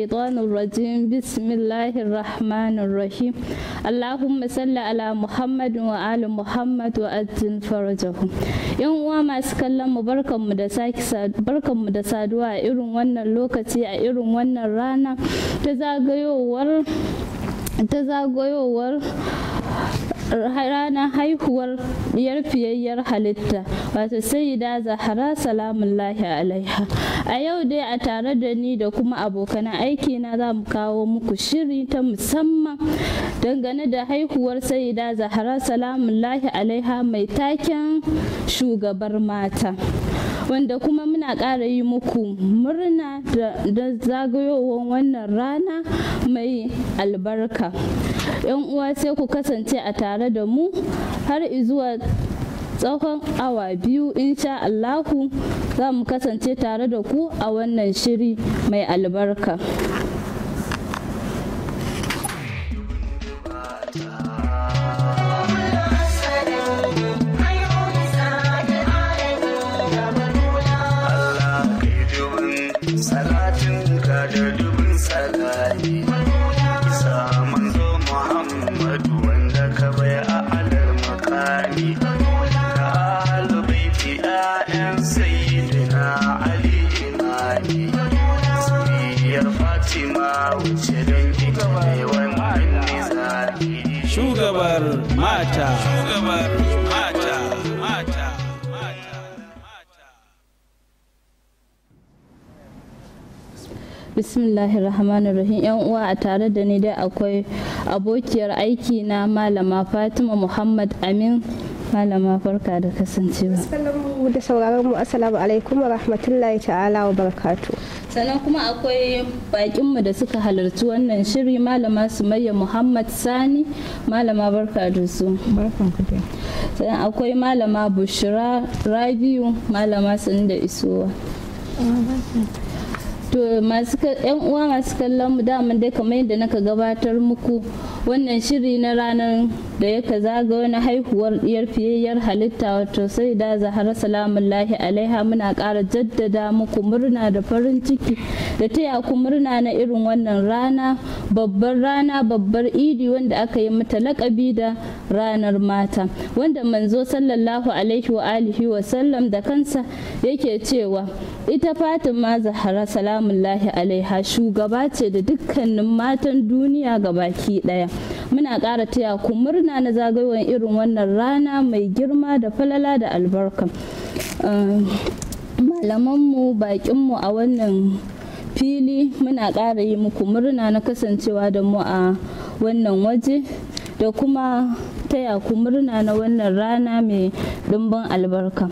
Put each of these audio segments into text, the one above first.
الشيطان الرجيم بسم الله الرحمن الرحيم اللهم صل على محمد وآل محمد وأجل yan uwa masu kallon mu barkanmu da da saduwa a irin wannan lokaci a irin wannan rana ta zagayowar ta zagayowar ranar haihuwar 'yar fiyayyar halitta wato sayida zahara salamullahi alaiha a yau dai a tare da ni da kuma abokan aiki na za mu kawo muku shiri ta musamman dangane da haihuwar sayida zahara salamullahi alaiha mai taken shugabar mata wanda kuma muna ƙara yi muku murna da zagayowar wannan rana mai albarka yan uwa sai ku kasance a tare da mu har izuwa tsawon awa biyu insha Allahu za mu kasance tare da ku a wannan shiri mai albarka. mata bismillahir rahmanir rahim yan uwa a tare da ni dai akwai abokiyar aiki na malama fatima muhammad amin malama farka da kasancewa da sauraron mu assalamu alaikum wa rahmatullahi ta'ala wa barakatuh sannan kuma akwai bakinmu da suka halarci wannan shiri malama sumayya muhammad sani malama barka da su sannan akwai malama bushira rabiu malama sani da isowa ah, to masu yan uwa masu kallon mu daman dai kamar yadda naka gabatar muku wannan shiri na ranar da yaka zaga wani haihuwar diyar fiyayyar halitta wato sai da zahara salamullahi alaiha muna kara jaddada muku murna da farin ciki da taya ku murna na irin wannan rana babbar rana babbar idi wanda aka yi mata lakabi da ranar mata wanda manzo sallallahu alaihi wa alihi wa sallam da kansa yake cewa ita fatima zahara salamullahi alaiha shugaba ce da dukkanin matan duniya gabaki ɗaya. muna ƙara taya ku murna na zagayowar irin wannan rana mai girma da falala da albarka ehm, malamanmu baƙinmu a wannan fili muna ƙara yi muku murna na kasancewa da mu a wannan waje da kuma taya ku murna na wannan rana mai ɗumbin albarka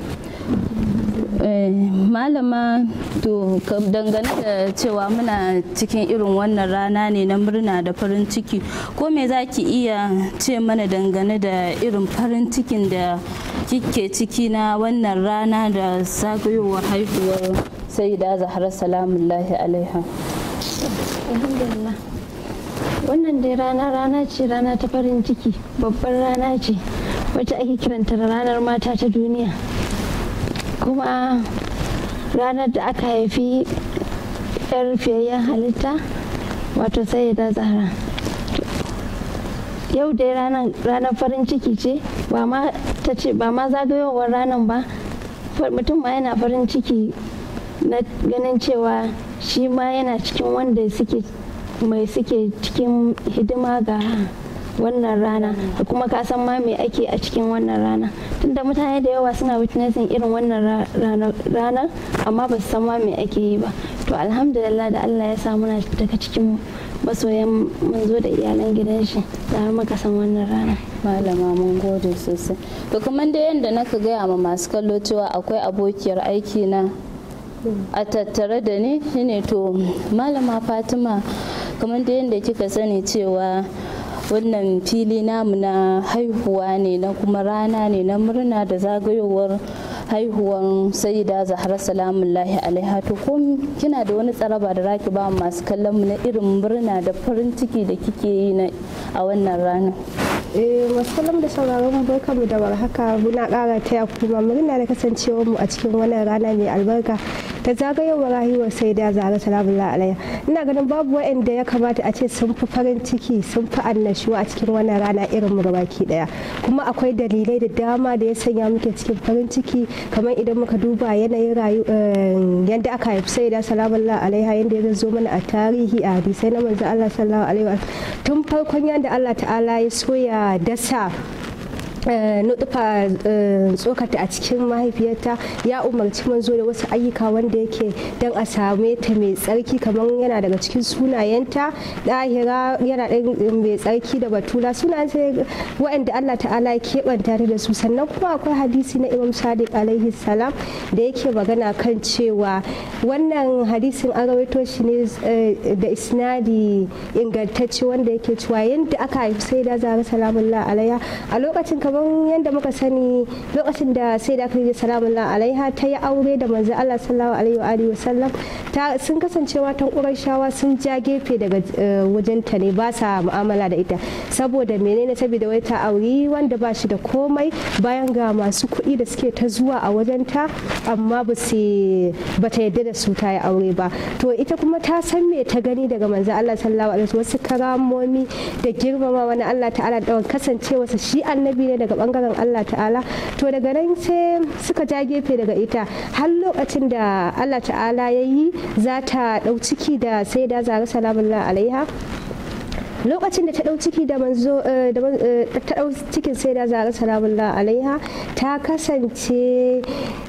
Eh, malama to dangane da cewa muna cikin irin wannan rana ne na murna da farin ciki ko me za ki iya ce mana dangane da irin farin cikin da kike ciki na wannan rana da zagayowar haihuwar sai da zahara salamullahi alaiha wannan dai rana rana ce rana ta farin ciki babbar rana ce wacce ake kiranta ranar mata ta duniya kuma ranar da aka haifi yar fiyayyen halitta wato sai da zahra yau dai ranar farin ciki ce ba ma zagayowar ranar ba mutum ma yana farin ciki na ganin cewa shi ma yana cikin wanda mai suke cikin hidima ga wannan rana da kuma ka san ma me ake a cikin wannan rana tunda mutane da yawa suna witnessing irin wannan ranar amma ba su san ma me ake yi ba to alhamdulillah da Allah ya sa muna daga cikin masoyan manzo da iyalan gidan shi da har muka san wannan rana malama mun gode sosai to kaman da yadda naka gaya ma masu kallo cewa akwai abokiyar aiki na a tattare da ni shine to malama fatima kamar da yadda kika sani cewa wannan fili namu na haihuwa ne na kuma rana ne na murna da zagayowar haihuwan sayida zahra salamullahi alaiha to ko kina da wani tsaraba da raki ba masu kallon mu na irin murna da farin ciki da kike yi a wannan rana Eh, Masallam da sauraron barka mu da warhaka muna kara taya kuma murna da kasancewar mu a cikin wannan rana mai albarka ta zagayowar rayuwar sai da zara salamullah alayya ina ganin babu wa'anda ya kamata a ce sun fi farin ciki sun fi annashuwa a cikin wannan rana irin mu baki daya kuma akwai dalilai da dama da ya sanya muke cikin farin ciki kamar idan muka duba yanayin rayu eh, yadda aka haifi sai da salamu alayha yadda ya zo mana a tarihi a hadisai na manzo Allah sallallahu alaihi wa tun farkon yadda Allah ta'ala ya soya uh, dasa nutfa eh, tsokata a cikin mahaifiyarta ya umarci manzo da wasu ayyuka wanda yake don a same ta mai tsarki kamar yana daga cikin sunayenta ɗahira yana mai tsarki da batula sunayen sai wa'anda Allah ta'ala ya keɓanta da su sannan kuma akwai hadisi na imam sadiq alaihi salam da yake magana kan cewa wannan hadisin an rawaito shi ne eh, da isnadi ingantacce wanda yake cewa yadda aka haifi sai da zara salamullah a lokacin kamar kamar yadda muka sani lokacin da sai da aka yi salamun alaiha ta yi aure da manzo Allah sallallahu alaihi wa sallam ta sun kasance matan Qurayshawa sun ja gefe daga eh, wajenta ne ba sa mu'amala da ita saboda menene saboda wai ta auri wanda ba shi da komai bayan ga masu kuɗi da suke ta zuwa a wajenta amma ba su ba ta yadda da su ta yi aure ba to ita kuma ta san me ta gani daga manzo Allah sallallahu alaihi wa sallam wasu karamomi da girmama wani Allah ta'ala da kasancewa shi annabi ne daga bangaren Allah ta'ala to daga nan sai suka ja gefe daga ita har lokacin da Allah ta'ala ya yi za ta ɗau ciki da sai da zara salamun alaiha lokacin da ta dau ciki da manzo eh, eh, ta dau cikin sai da zara salamullahi alaiha ta kasance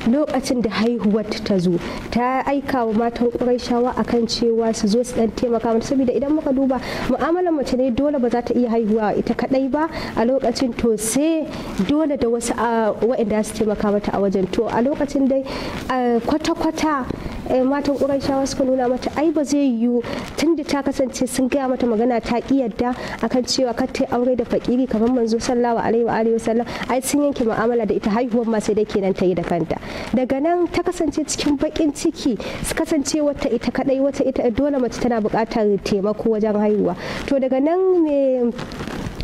lokacin da haihuwar ta zo ta aika wa matan ƙuraishawa akan cewa su zo su dan taimaka mata saboda idan muka duba mu'amalar mace ne dole ba za ta iya haihuwa ita kadai ba a lokacin to sai dole da wasu ah, wa'anda su taimaka mata a wajen to a lokacin dai eh, kwata-kwata Eh, matan ƙuraishawa suka nuna mata ai ba zai yiwu tun da ta kasance sun gaya mata magana ta ki yadda akan cewa kar ta aure da fakiri kamar manzo sallallahu alaihi wa alihi wasallam ai sun yanke mu'amala da ita haihuwar ma sai dai kenan ta yi da kanta daga nan ta kasance cikin baƙin ciki su kasance wata ita kadai wata ita dole mace tana buƙatar taimako wajen haihuwa to daga nan me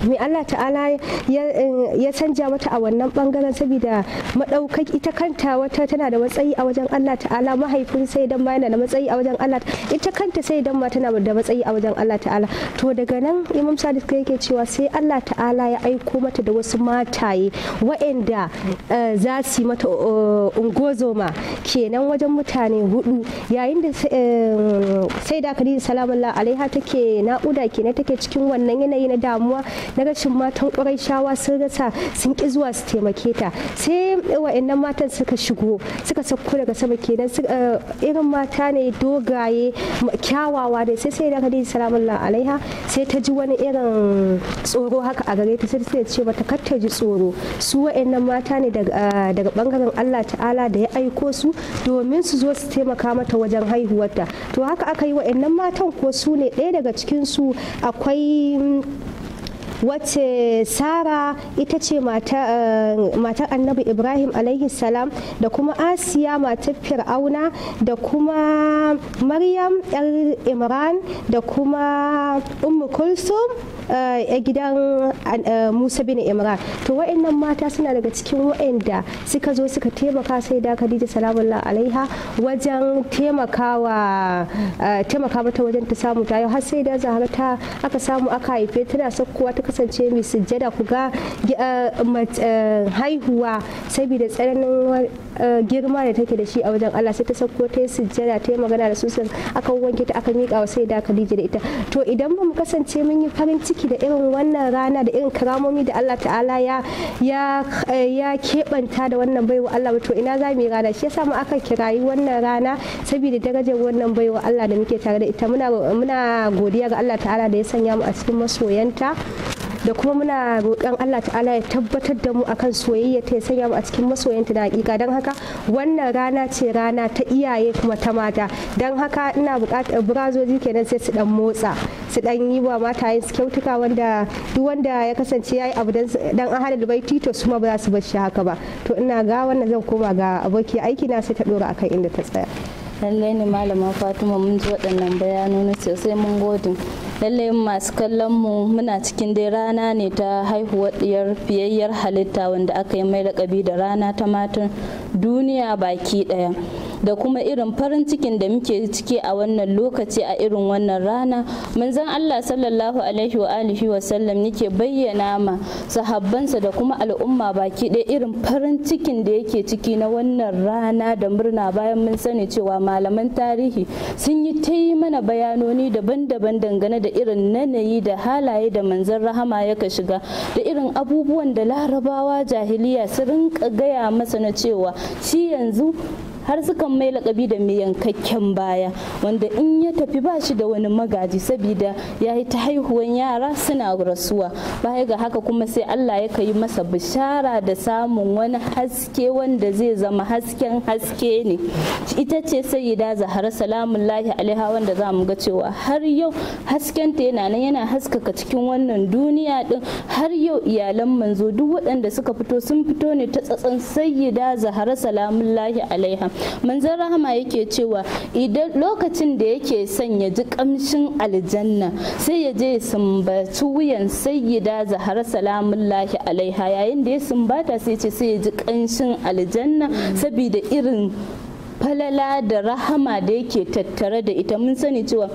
mai Allah ta'ala ya canja mata a wannan bangaren saboda madaukaki ita kanta wata tana da matsayi a wajen Allah ta'ala mahaifin sai dan yana da matsayi a wajen Allah ita kanta sai dan ma tana da matsayi a wajen Allah ta'ala to daga nan Imam Sadiq yake cewa sai Allah ta'ala ya aiko mata da wasu mataye waɗanda eh, za su mata eh, ungozoma kenan wajen mutane hudu yayin da eh, sai da Khadija salamun alaiha take na'uda kenan take cikin wannan yanayi na damuwa na rashin matan kwarai shawa sun rasa sun ki zuwa su taimake ta sai wa'annan matan suka shigo suka sako daga sama kenan eh, irin mata ne dogaye kyawawa da sai sai da kadiji salamun alaiha sai ta ji wani irin tsoro haka a gare ta sai ta ce mata kar ji tsoro su wa'annan mata ne daga bangaren eh, Allah ta'ala da ya aiko su domin su zo su taimaka mata wajen haihuwarta to haka aka yi wa'annan matan ko su ne ɗaya daga cikin su akwai wace sara ita ce eh, matar annabi ibrahim alaihi salam da kuma asiya matar fir'auna da kuma maryam yar imran da kuma umu kulsum eh, a gidan eh, musa bin imran to wa'annan mata suna daga cikin wa'anda suka zo suka taimaka sai da khadija salamullah alaiha wajen taimakawa taimaka mata wajen ta samu ta yau har sai da zahara ta aka samu aka haife tana sakkuwa ta kasance mai sujjada ku ga eh, eh, haihuwa saboda tsananin eh, girma da take da shi a wajen Allah sai ta sauko ta yi sujjada ta yi magana da susan aka wanke ta aka miƙa wa sai da Khadija da ita to idan ba mu kasance mun yi farin ciki da irin wannan rana da irin karamomi da Allah ta'ala ya ya ya keɓanta da wannan baiwa Allah to ina za mu yi rana shi yasa mu aka kirayi wannan rana saboda darajar wannan baiwa Allah da muke tare da ita muna muna godiya ga Allah ta'ala da ya sanya mu a cikin masoyanta da kuma muna roƙon Allah ta'ala ya tabbatar da mu akan soyayya ta sanya mu a cikin masoyanta da hakika don haka wannan rana ce rana ta iyaye kuma ta mata don haka ina buƙatar burazoji kenan sai su dan motsa su dan yi wa mata su kyautuka wanda duk wanda ya kasance yayi abu dan an hada dubai tito su ma ba za su bar shi haka ba to ina ga wannan zan koma ga aboki aiki na sai ta dora akan inda ta tsaya lallai ne malama fatima mun ji waɗannan bayanoni sosai mun gode lallai masu kallon mu muna cikin dai rana ne ta haihuwar diyar fiyayyar halitta wanda aka yi mai lakabi da rana ta matan duniya baki daya da kuma irin farin cikin da muke ciki a wannan lokaci a irin wannan rana manzon Allah sallallahu alaihi wa alihi wa sallam yake bayyana ma sahabbansa da kuma al'umma baki ɗaya irin farin cikin da yake ciki na wannan rana da murna bayan mun sani cewa malaman tarihi sun yi ta yi mana bayanoni daban-daban dangane da irin nanayi da halaye da manzon rahama yaka shiga da irin abubuwan da larabawa jahiliya su rinka gaya masa na cewa shi yanzu har sukan mai lakabi da mai yankakken baya wanda in ya tafi ba shi da wani magaji saboda ya yi ta haihuwan yara suna rasuwa baya ga haka kuma sai Allah ya yi masa bishara da samun wani haske wanda zai zama hasken haske ne ita ce sayyida zahara salamun lahi alaiha wanda za mu ga cewa har yau hasken ta yana nan yana haskaka cikin wannan duniya din har yau iyalan manzo duk waɗanda suka fito sun fito ne ta tsatsan sayyida zahara salamun lahi alaiha manzon rahama yake cewa idan lokacin da yake son ya ji kamshin aljanna sai ya je sumbaci wuyan sayyida zahar salamun lahi alaiha yayin da ya sumbata sai ce sai ya ji kamshin aljanna saboda irin falala da rahama da yake tattare da ita mun sani cewa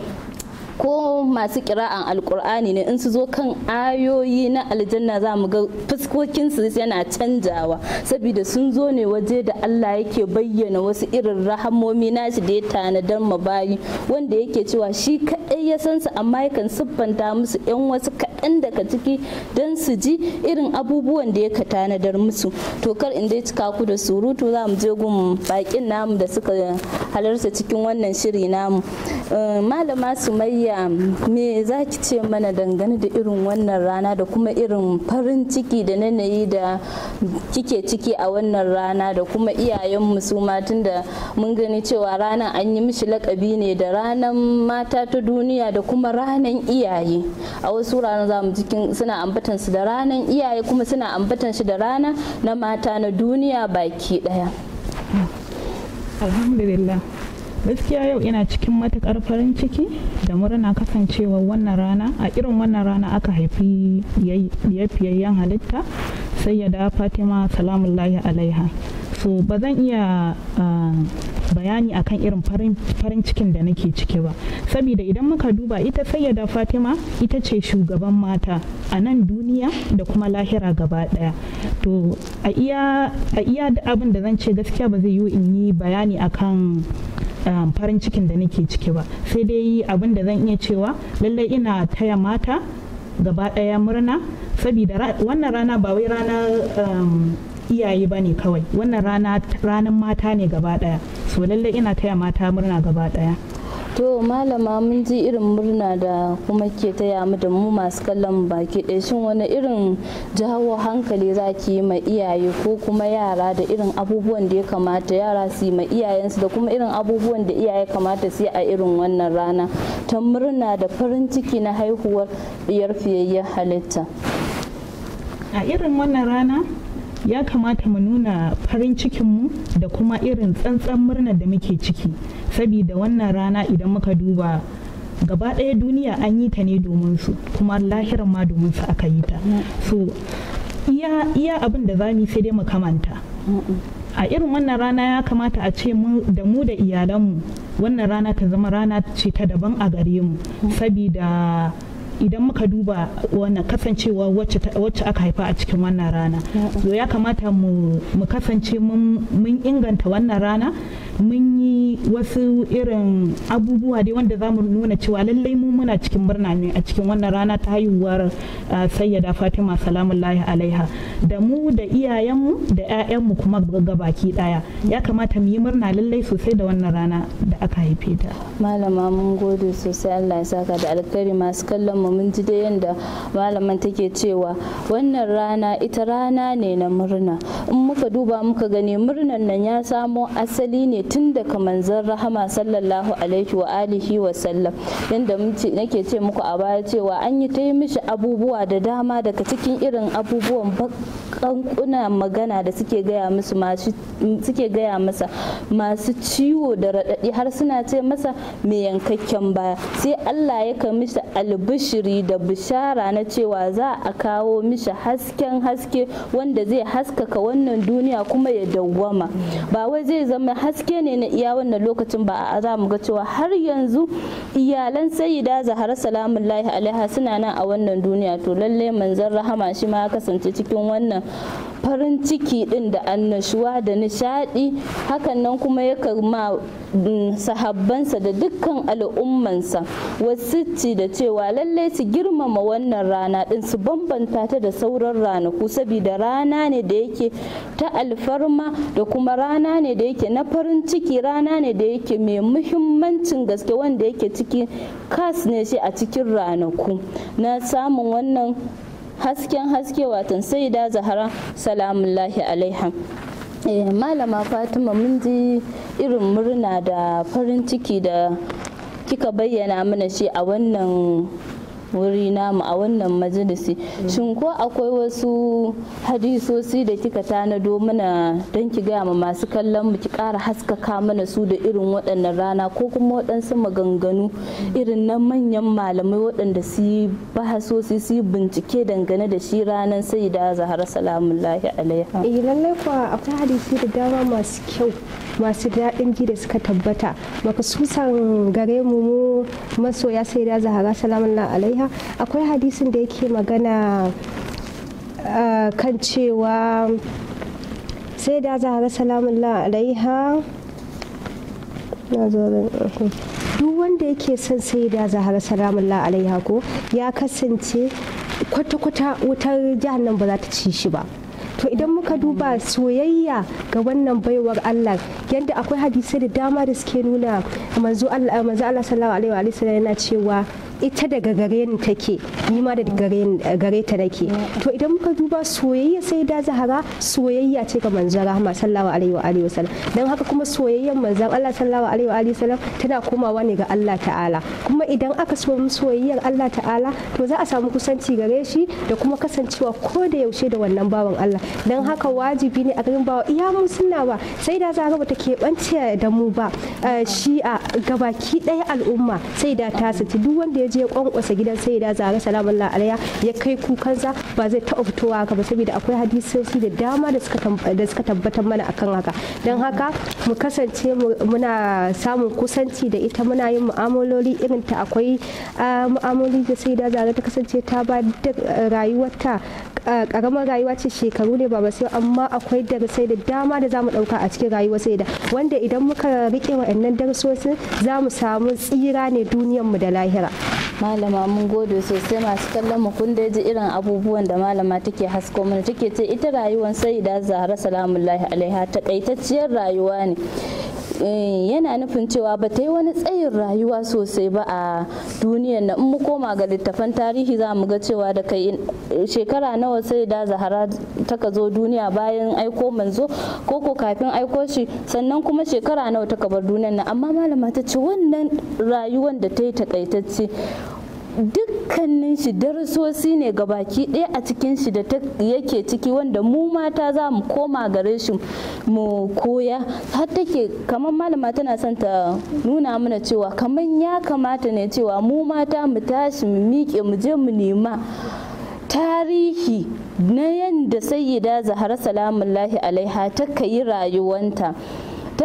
ko masu kira'an alkur'ani ne in su zo kan ayoyi na aljanna za mu ga fuskokinsu yana canjawa saboda sun zo ne waje da Allah yake bayyana wasu irin rahamomi na shi da ya tanadar mu bayi, wanda yake cewa shi kaɗai ya san su amma yakan siffanta musu yan wasu kaɗan daga ciki don su ji irin abubuwan da yaka tanadar musu to kar in dai cika ku da surutu za mu je gun bakin namu da suka halarta cikin wannan shiri namu eh, malama su sumayya me za ki ce mana dangane da irin wannan rana da kuma irin farin ciki da nanayi da kike ciki a wannan rana da kuma iyayen su tun da mun gani cewa ranar an yi mishi lakabi ne da ranar mata ta duniya da kuma ranar iyaye a wasu ranar za mu cikin suna ambatan su da ranar iyaye kuma suna ambatan shi da rana na mata na duniya baki daya alhamdulillah gaskiya yau ina cikin matukar farin ciki da murna kasancewa wannan rana a irin wannan rana aka haifi yafiyayyen halitta sayyada fatima salamullahi alaiha so ba zan iya ah, bayani akan irin farin cikin da nake ciki ba saboda idan muka duba ita sayyada fatima ita ce shugaban mata a nan duniya da kuma lahira gaba daya to a iya abin da zan ce gaskiya ba zai yi in yi bayani akan ah, farin cikin da nake ciki ba sai dai abin da zan iya cewa lallai ina taya mata gaba ɗaya murna saboda wannan rana ba wai rana um, iyaye ba ne kawai wannan rana ranar mata ne gaba ɗaya so lallai ina taya mata murna gaba ɗaya to malama mun ji irin murna da kuma ke taya mu da mu masu kallon baki ɗaya shin wani irin jawo hankali za ki yi ma iyaye ko kuma yara da irin abubuwan da ya kamata yara su yi ma iyayensu da kuma irin abubuwan da iyaye kamata su yi a irin wannan rana ta murna da farin ciki na haihuwar diyar fiyayyen halitta a irin wannan rana ya kamata mu nuna farin cikinmu da kuma irin tsantsan murnar da muke ciki saboda wannan rana idan muka duba gaba ɗaya duniya an yi ta ne domin su kuma lahirar ma domin su aka yi ta so iya abin da za sai dai mu kamanta a irin wannan rana ya kamata a ce da mu da iyalanmu wannan rana ta zama rana ce ta daban a gare mu saboda idan muka duba wannan kasancewa wacce aka haifa a cikin wannan rana to ya kamata mu kasance mun inganta wannan rana mun yi wasu irin abubuwa dai wanda za mu nuna cewa lallai mu muna cikin murna ne a cikin wannan rana ta haihuwar sayyada fatima salamullahi alaiha da mu da iyayenmu da 'ya'yanmu kuma ga baki daya ya kamata mu yi murna lallai sosai da wannan rana da aka haife ta malama mun gode sosai allah ya saka da alkhairi masu kallon mu mun ji dai yadda malaman take cewa wannan rana ita rana ne na murna in muka duba muka gani murnan nan ya samo asali ne tun daga manzon rahama sallallahu alaihi wa alihi wa sallam yadda nake ce muku a baya cewa an yi ta yi mishi abubuwa da dama daga cikin irin abubuwan kankuna magana da suke gaya musu masu suke gaya masa masu ciwo da raɗaɗi har suna ce masa mai yankakken baya sai Allah ya kai mishi albishiri da bishara na cewa za a kawo mishi hasken haske wanda zai haskaka wannan duniya kuma ya dawwama ba wai zai zama haske ne na iya wannan lokacin ba a za mu ga cewa har yanzu iyalan sayyida zahara salamun alaiha suna nan a wannan duniya to lalle manzon rahama shi ma ya kasance cikin wannan wannan farin ciki din da annashuwa da nishadi hakan nan kuma ya ma mm, sahabbansa da dukkan al'ummansa wasicci da cewa lallai su girmama wannan rana din su bambanta ta da sauran ranaku saboda rana ne da yake ta alfarma da kuma rana ne da yake na farin ciki rana ne da yake mai muhimmancin gaske wanda yake ciki kas ne shi a cikin ranaku na samun wannan hasken haske watan sai da zahara salamullahi alaiha eh, malama fatima mun ji irin murna da farin ciki da kika bayyana mana shi a wannan wuri namu a wannan majalisi shin ko akwai wasu hadisosi da kika tanado mana don ki gaya ma masu kallon mu ki kara haskaka mana su da irin waɗannan rana ko kuma waɗansu maganganu irin na manyan malamai waɗanda su yi bahasosi su yi bincike dangane da shi ranar sai da zahara salamun lahi alaiha. Eh, lallai kuwa akwai hadisi da dama masu kyau masu daɗin ji da suka tabbata san gare mu mu masoya sai da zahara salamun alaiha akwai hadisin da yake magana kan cewa sai da zahara salamun alaiha duk wanda yake son sai da zahara salamun alaiha ko ya kasance kwata-kwata wutar jihar nan ba za ta ci shi ba to idan muka duba soyayya ga wannan baiwar Allah yadda akwai hadisai da dama da suke nuna manzo Allah sallallahu alaihi wa sallam yana cewa ita daga gare ni take ni ma da gare ta nake to idan muka duba soyayya sai da zahara soyayya ce ga manzo rahama sallallahu alaihi wa alihi wasallam dan haka kuma soyayyan manzo Allah sallallahu alaihi wa alihi wasallam tana komawa ne ga Allah ta'ala kuma idan aka so soyayyar Allah ta'ala to za a samu kusanci gare shi da kuma kasancewa ko da yaushe da wannan bawan Allah don haka wajibi ne a garin bawa iya mun sunna ba sai da za ga bata keɓance da mu ba eh, shi a gabaki ɗaya al'umma sai da ta saci duk wanda ya je kwankwasa gidan sai da za ga salamun la'alaya ya kai kukan kukansa ba zai taɓa fitowa ba saboda akwai hadisosi da dama da suka tabbatar mana akan haka don haka mu kasance muna samun kusanci da ita muna yin mu'amaloli irin ta akwai eh, mu'amaloli da sai da za ta kasance ta ba da eh, rayuwarta karamar rayuwa ce shekaru ne ba sai amma akwai darasai da dama da zamu dauka a cikin rayuwa sai da wanda idan muka rike wa'annan darasosin za mu samu tsira ne duniyar mu da lahira malama mun gode sosai masu kallon mu kun ji irin abubuwan da malama take hasko mana take ce ita rayuwar sai da zahra salamullahi alaiha takaitacciyar rayuwa ne Eh, yana nufin cewa ba ta yi wani tsayin rayuwa sosai ba a duniyar na mu koma ga littafan tarihi za mu ga cewa da kai eh, shekara nawa sai da zahara taka zo duniya bayan aiko manzo ko ko kafin aiko shi sannan kuma shekara nawa taka bar duniyar na amma malama ta ce wannan rayuwar da ta yi takaitacce dukkanin shi darasosi ne ga baki ɗaya a cikin shi da yake ciki wanda mu mata za mu koma gare shi mu koya har take kamar malama tana son ta nuna mana cewa kamar ya kamata ne cewa mu mata mu tashi mu miƙe mu je mu nema tarihi na yadda sayyida zahara lahi alaiha ta kai rayuwanta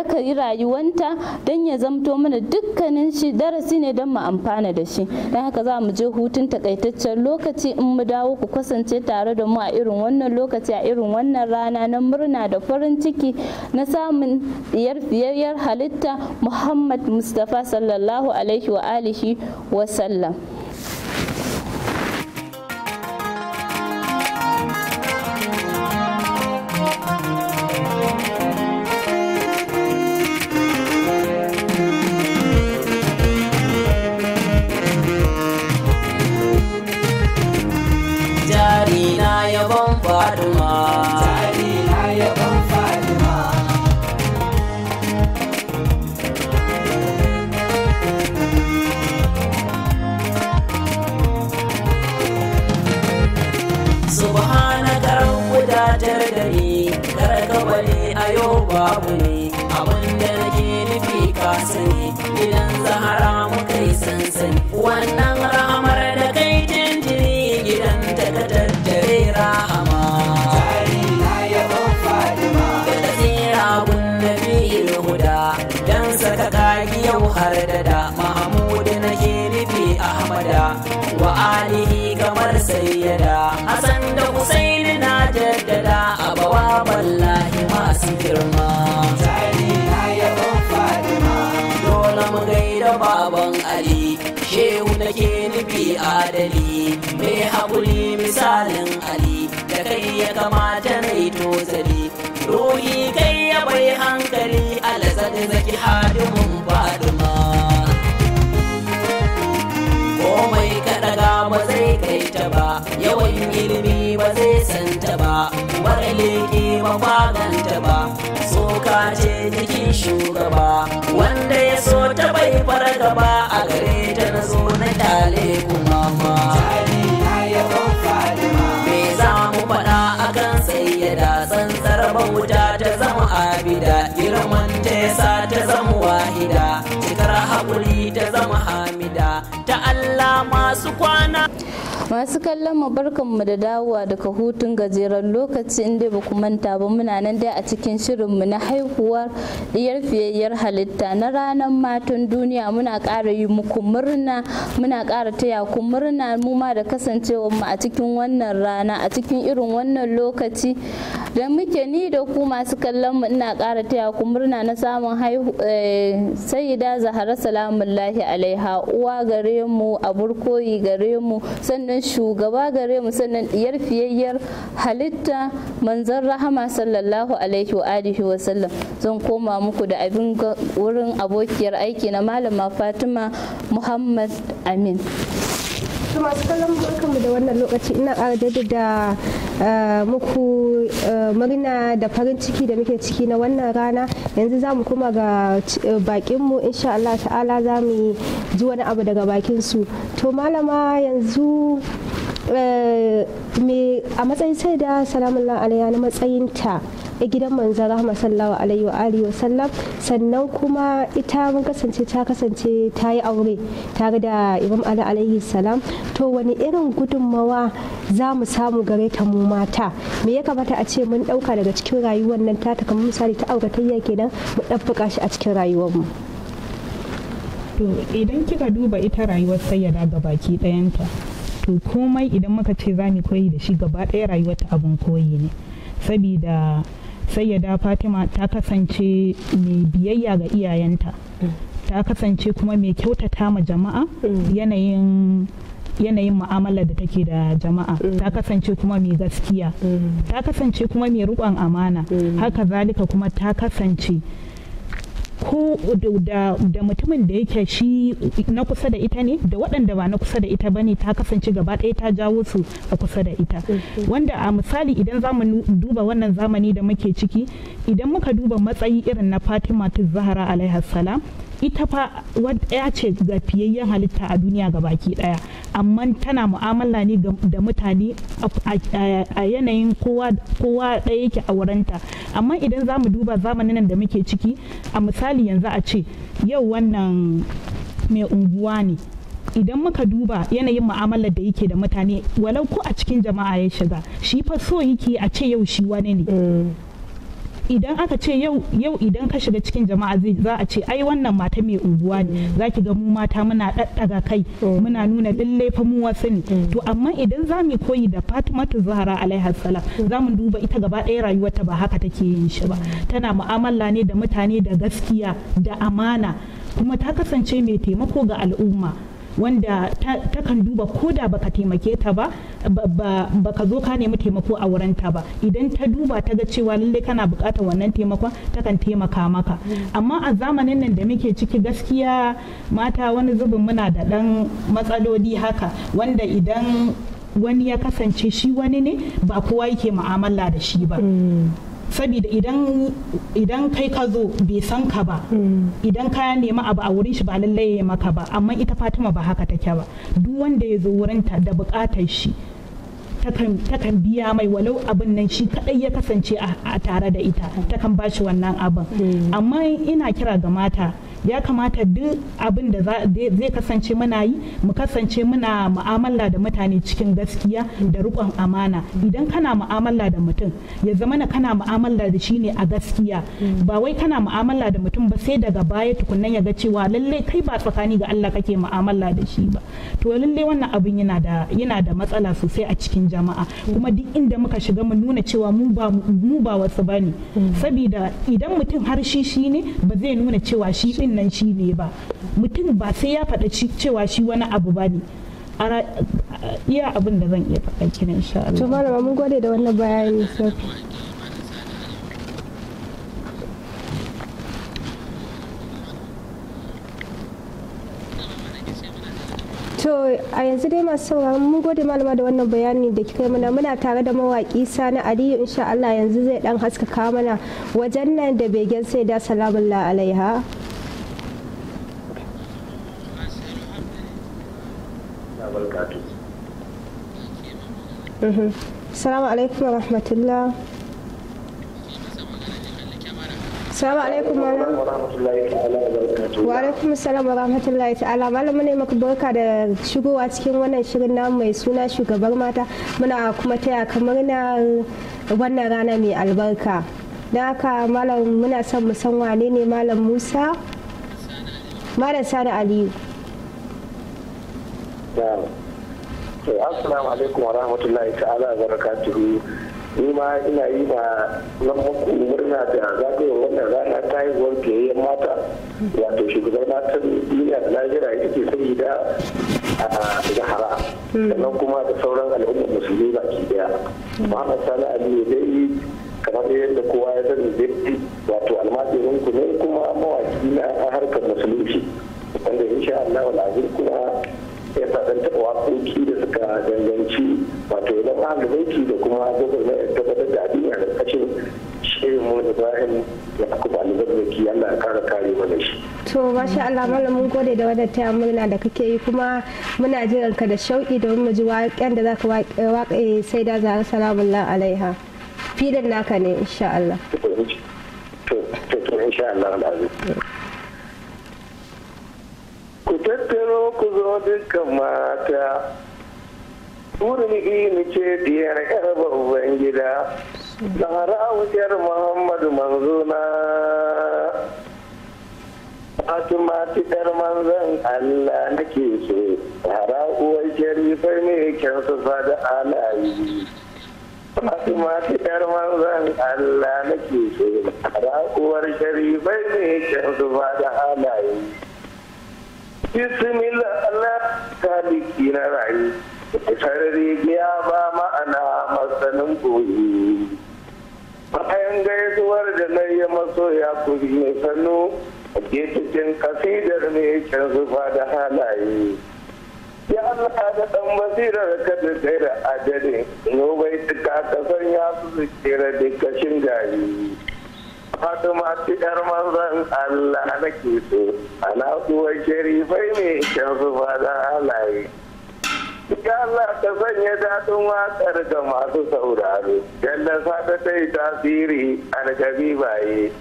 ta yi rayuwanta don ya zamto mana dukkanin shi darasi ne don mu amfana da shi don haka za mu je hutun takaitaccen lokaci in mu dawo ku kasance tare da mu a irin wannan lokaci a irin wannan rana na murna da farin ciki na samun diyar halitta muhammad mustapha sallallahu alaihi wa alihi wa sallam na yabon Fatima. Tari na yabon Fatima. Subhanaka rabbu da jardani, karka bari a yau babu ne, abin da nake nufi ka idan zahara muka yi sansani, wannan rahama kamar sayyada Hassan da Husaini na jaddada bawa wallahi masu girma Tarina yabon dole mu gaida baban Ali shehu nake nufi adali mai haƙuri misalin Ali da kai ya kamata na yi tozali ruhi kai ya bai hankali alazar zaki hadimin fada ba yawan ilimi ba zai santa ba mara leke ba kwaganta ba soka ce jikin shugaba wanda ya so ta bai fargaba a gare ta na zo na tale kuma ma masu kallon mu barkanmu da dawowa daga hutun gajeren lokaci inda ba ku manta ba muna nan dai a cikin shirinmu na haihuwar diyar fiyayyar halitta na ranar matan duniya muna ƙara yi muku murna muna ƙara taya ku murna mu ma da kasancewar mu a cikin wannan rana a cikin irin wannan lokaci da muke ni da ku masu kallon mu ina ƙara taya ku murna na samun eh, sayida zahara salamullahi alaiha uwa gare mu burkoyi gare mu sannan shugaba gare mu sannan diyar fiyayyar halitta manzon rahama sallallahu alaihi wa alihi wa sallam zan koma muku da abin wurin abokiyar aiki na malama Fatima Muhammad Amin to masu kallon mu da wannan lokaci ina ƙara da eh, muku eh, murna da farin ciki da muke ciki na wannan rana yanzu za mu kuma ga eh, mu insha Allah ta'ala za mu ji wani abu daga bakin su to malama yanzu Eh, a matsayin sai da salamun alaiya na ta a gidan manzan rahama sallawa alaihi wa alihi wa sallam sannan kuma ita mun kasance ta kasance ta yi aure tare da imam ali alaihi salam to wani irin gudunmawa za mu samu gare ta mu mata me ya kamata a ce mun dauka daga cikin rayuwar nan ta kamar misali ta auratayya kenan mu ɗabbaka shi a cikin rayuwar mu to idan kika duba ita rayuwar sayyada ga baki ɗayanta to komai idan muka ce za mu koyi da shi gaba ɗaya rayuwar ta abin koyi ne saboda sayyada fatima ta kasance mai biyayya ga iyayenta ta kasance kuma mai kyautata ma jama'a yanayin yanayin mu'amala da take da jama'a ta kasance kuma mai gaskiya ta kasance kuma mai rukon amana haka zalika kuma ta kasance ko da mutumin da yake shi na kusa da ita ne da waɗanda ba na kusa da ita ba ne ta kasance gaba ɗaya ta jawo su a kusa da ita wanda a misali idan za mu duba wannan zamani da muke ciki idan muka duba matsayi irin na fatima zahara alaihi salam ita fa ya ce ga gafiyayyen halitta a duniya ga baki daya amma tana mu'amala ne da mutane a yanayin kowa ɗaya yake a wurinta amma idan za mu duba zamanin da muke ciki a misali yanzu a ce yau wannan mai unguwa ne idan muka duba yanayin mu'amalar da yake da mutane walau ko a cikin jama'a ya shiga shi fa so yake a ce yau shi wani ne mm. idan aka ce yau idan ka shiga cikin jama'a za a ce ai wannan mata mai unguwa ne mm. za ki ga mu mata muna daddaga kai muna nuna lalle fa mu wasu ne mm. to amma idan za mu koyi da Fatimatu Zahra alaiha salam mm. za mu duba ita gaba ɗaya rayuwarta ba haka take yin shi ba tana mu'amala ne da mutane da gaskiya da amana kuma ta kasance mai taimako ga al'umma wanda takan duba ko da baka taimake ta ba baka zo ka nemi taimako a wurin ta ba idan ta duba ta ga cewa lallai kana bukatar wannan taimakon takan taimaka maka amma a zamanin nan da muke ciki gaskiya mata wani zubin muna da dan matsaloli haka wanda idan wani ya kasance shi wani ne ba kowa yake mu'amala da shi ba mm. saboda idan kai ka zo bai san ka ba mm. idan ka nema abu a wurin shi ba lallai ya maka ba amma ita fatima ba haka take ba duk wanda ya zo wurinta da bukatar shi takan biya mai walau abin nan shi kadai ya kasance a tare da ita mm. takan bashi wannan abin mm. amma ina kira ga mata ya kamata duk abin da zai kasance muna yi mu kasance muna mu'amala da mutane cikin gaskiya da rukon amana idan kana mu'amala da mutum ya zama na kana mu'amala da shi ne a gaskiya ba wai kana mu'amala da mutum ba sai daga baya tukunnan ya ga cewa lallai kai ba tsakani ga Allah kake mu'amala da shi ba to lallai wannan abin yana da yana da matsala sosai a cikin jama'a kuma duk inda muka shiga mu nuna cewa mu ba mu ba wasu bane saboda idan mutum har shi shi ne ba zai nuna cewa shi din nan shi ne ba mutum ba sai ya faɗa cewa shi wani abu ba ne ara iya abin da zan iya faɗa kina insha Allah. to malama mun gode da wannan bayani sai to a yanzu dai masu sauraron mun gode malama da wannan bayani da kika mana muna tare da mawaki sani aliyu insha Allah yanzu zai dan haskaka mana wajen nan da begen sai da salamun la alaiha وبركاته السلام عليكم ورحمة الله السلام عليكم ورحمة الله تعالى وبركاته وعليكم السلام ورحمة الله تعالى malam ne maka barka da shigowa cikin wannan shirin namu mai suna shugabar mata muna kuma taya kamar na wannan rana mai albarka da haka malam muna son mu san wane ne malam Musa malam Sani Aliyu assalamu alaikum wa rahmatullahi ta'ala wa barakatuhu ni ma ina yi ma na muku murna da wa wannan rana ta ke yi mata wato shugaban ta duniya da najeriya ita ke sai da a zahara hmm. sannan kuma da sauran al'ummar musulmi baki daya muhammad sani aliyu dai kamar yadda kowa ya sani zai wato almajirin ku ne kuma mawaki na harkar musulunci wanda insha Allah al'azim kuma ya sadan dan taɓa waƙoƙi da suka danganci wato idan ahalin baiti da kuma gwagwarmayar tabbatar da addini a ƙarƙashin shirin mu ibrahim ya kuma albarkaki allah ya kara kare mana shi to masha allah malam mun gode da wadda ta murna da kake yi kuma muna jiran ka da shauƙi domin mu ji waƙen da zaka waƙe eh, sai da zara salamun la alaiha filin naka ne insha allah to to insha allah alazim ku tattaro ku zo dukkan mata wurin ilimi ce diyar yarba ubangida da harawar muhammadu manzuna fatima fitar manzan allah nake so zahra'uwar sharifai ne kyan sufa da alayi fatima fitar manzan allah nake so zahra'uwar sharifai ne kyan sufa da alayi bismillah Allah taliki na rayu fitar rigiya ba ma'ana masanin goyi bayan gaisuwar da na yi maso ya kuri mai sannu a cikin kasidar mai kyan zufa da halaye ya Allah da ɗan basirar ka da tsere adadin nobai tuka ka sanya su su da kashin gari Fatima masu ‘yar manzan Allah na ke so, ana kuwa sharifai ne shan zuba da halaye. Ya Allah ka sanya daɗin waƙar ga masu sauraro, yadda sata ta yi tasiri algabi baye.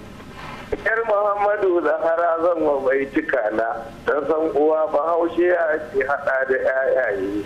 Yar Muhammadu Zahara zan wa bai cika na, don san uwa bahaushe ke haɗa da ‘ya'yaye.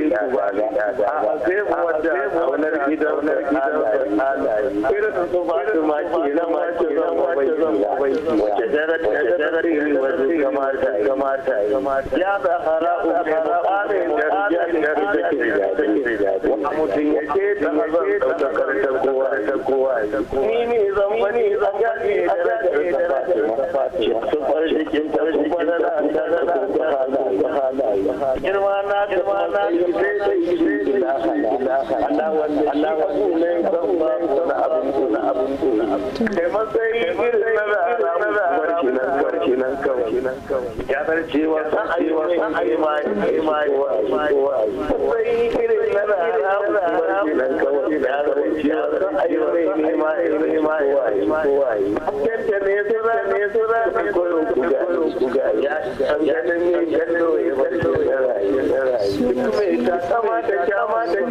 girma na girma na sí Allah wani ne zan ba kawai kawai ya na shi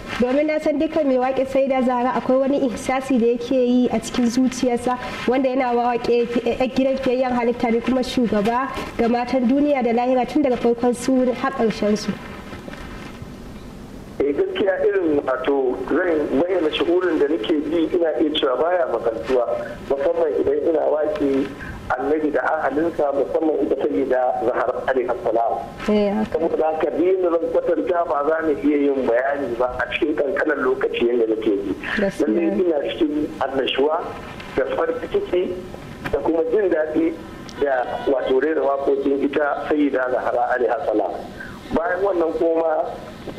domin na san dukkan mai waƙe sai da zara akwai wani ihsasi da yake yi a cikin zuciyarsa wanda yana waƙe gidan fiyayyen halitta ne kuma shugaba ga matan duniya da lahira tun daga farkon su har ƙarshen su eh gaskiya irin wato zan bayyana shahurin da nake bi ina iya cewa baya makantuwa musamman idan ina waƙe annabi da ahalinsa musamman ita sai da zahar alaihi salam eh, saboda haka da zan kwatanta ba za mu iya yin bayani ba a cikin kankanan lokaci yadda nake ji lallai ina cikin annashuwa da farin ciki da kuma jin daɗi da wato rera waƙoƙin ita sayyida zahara alaihi salam bayan wannan kuma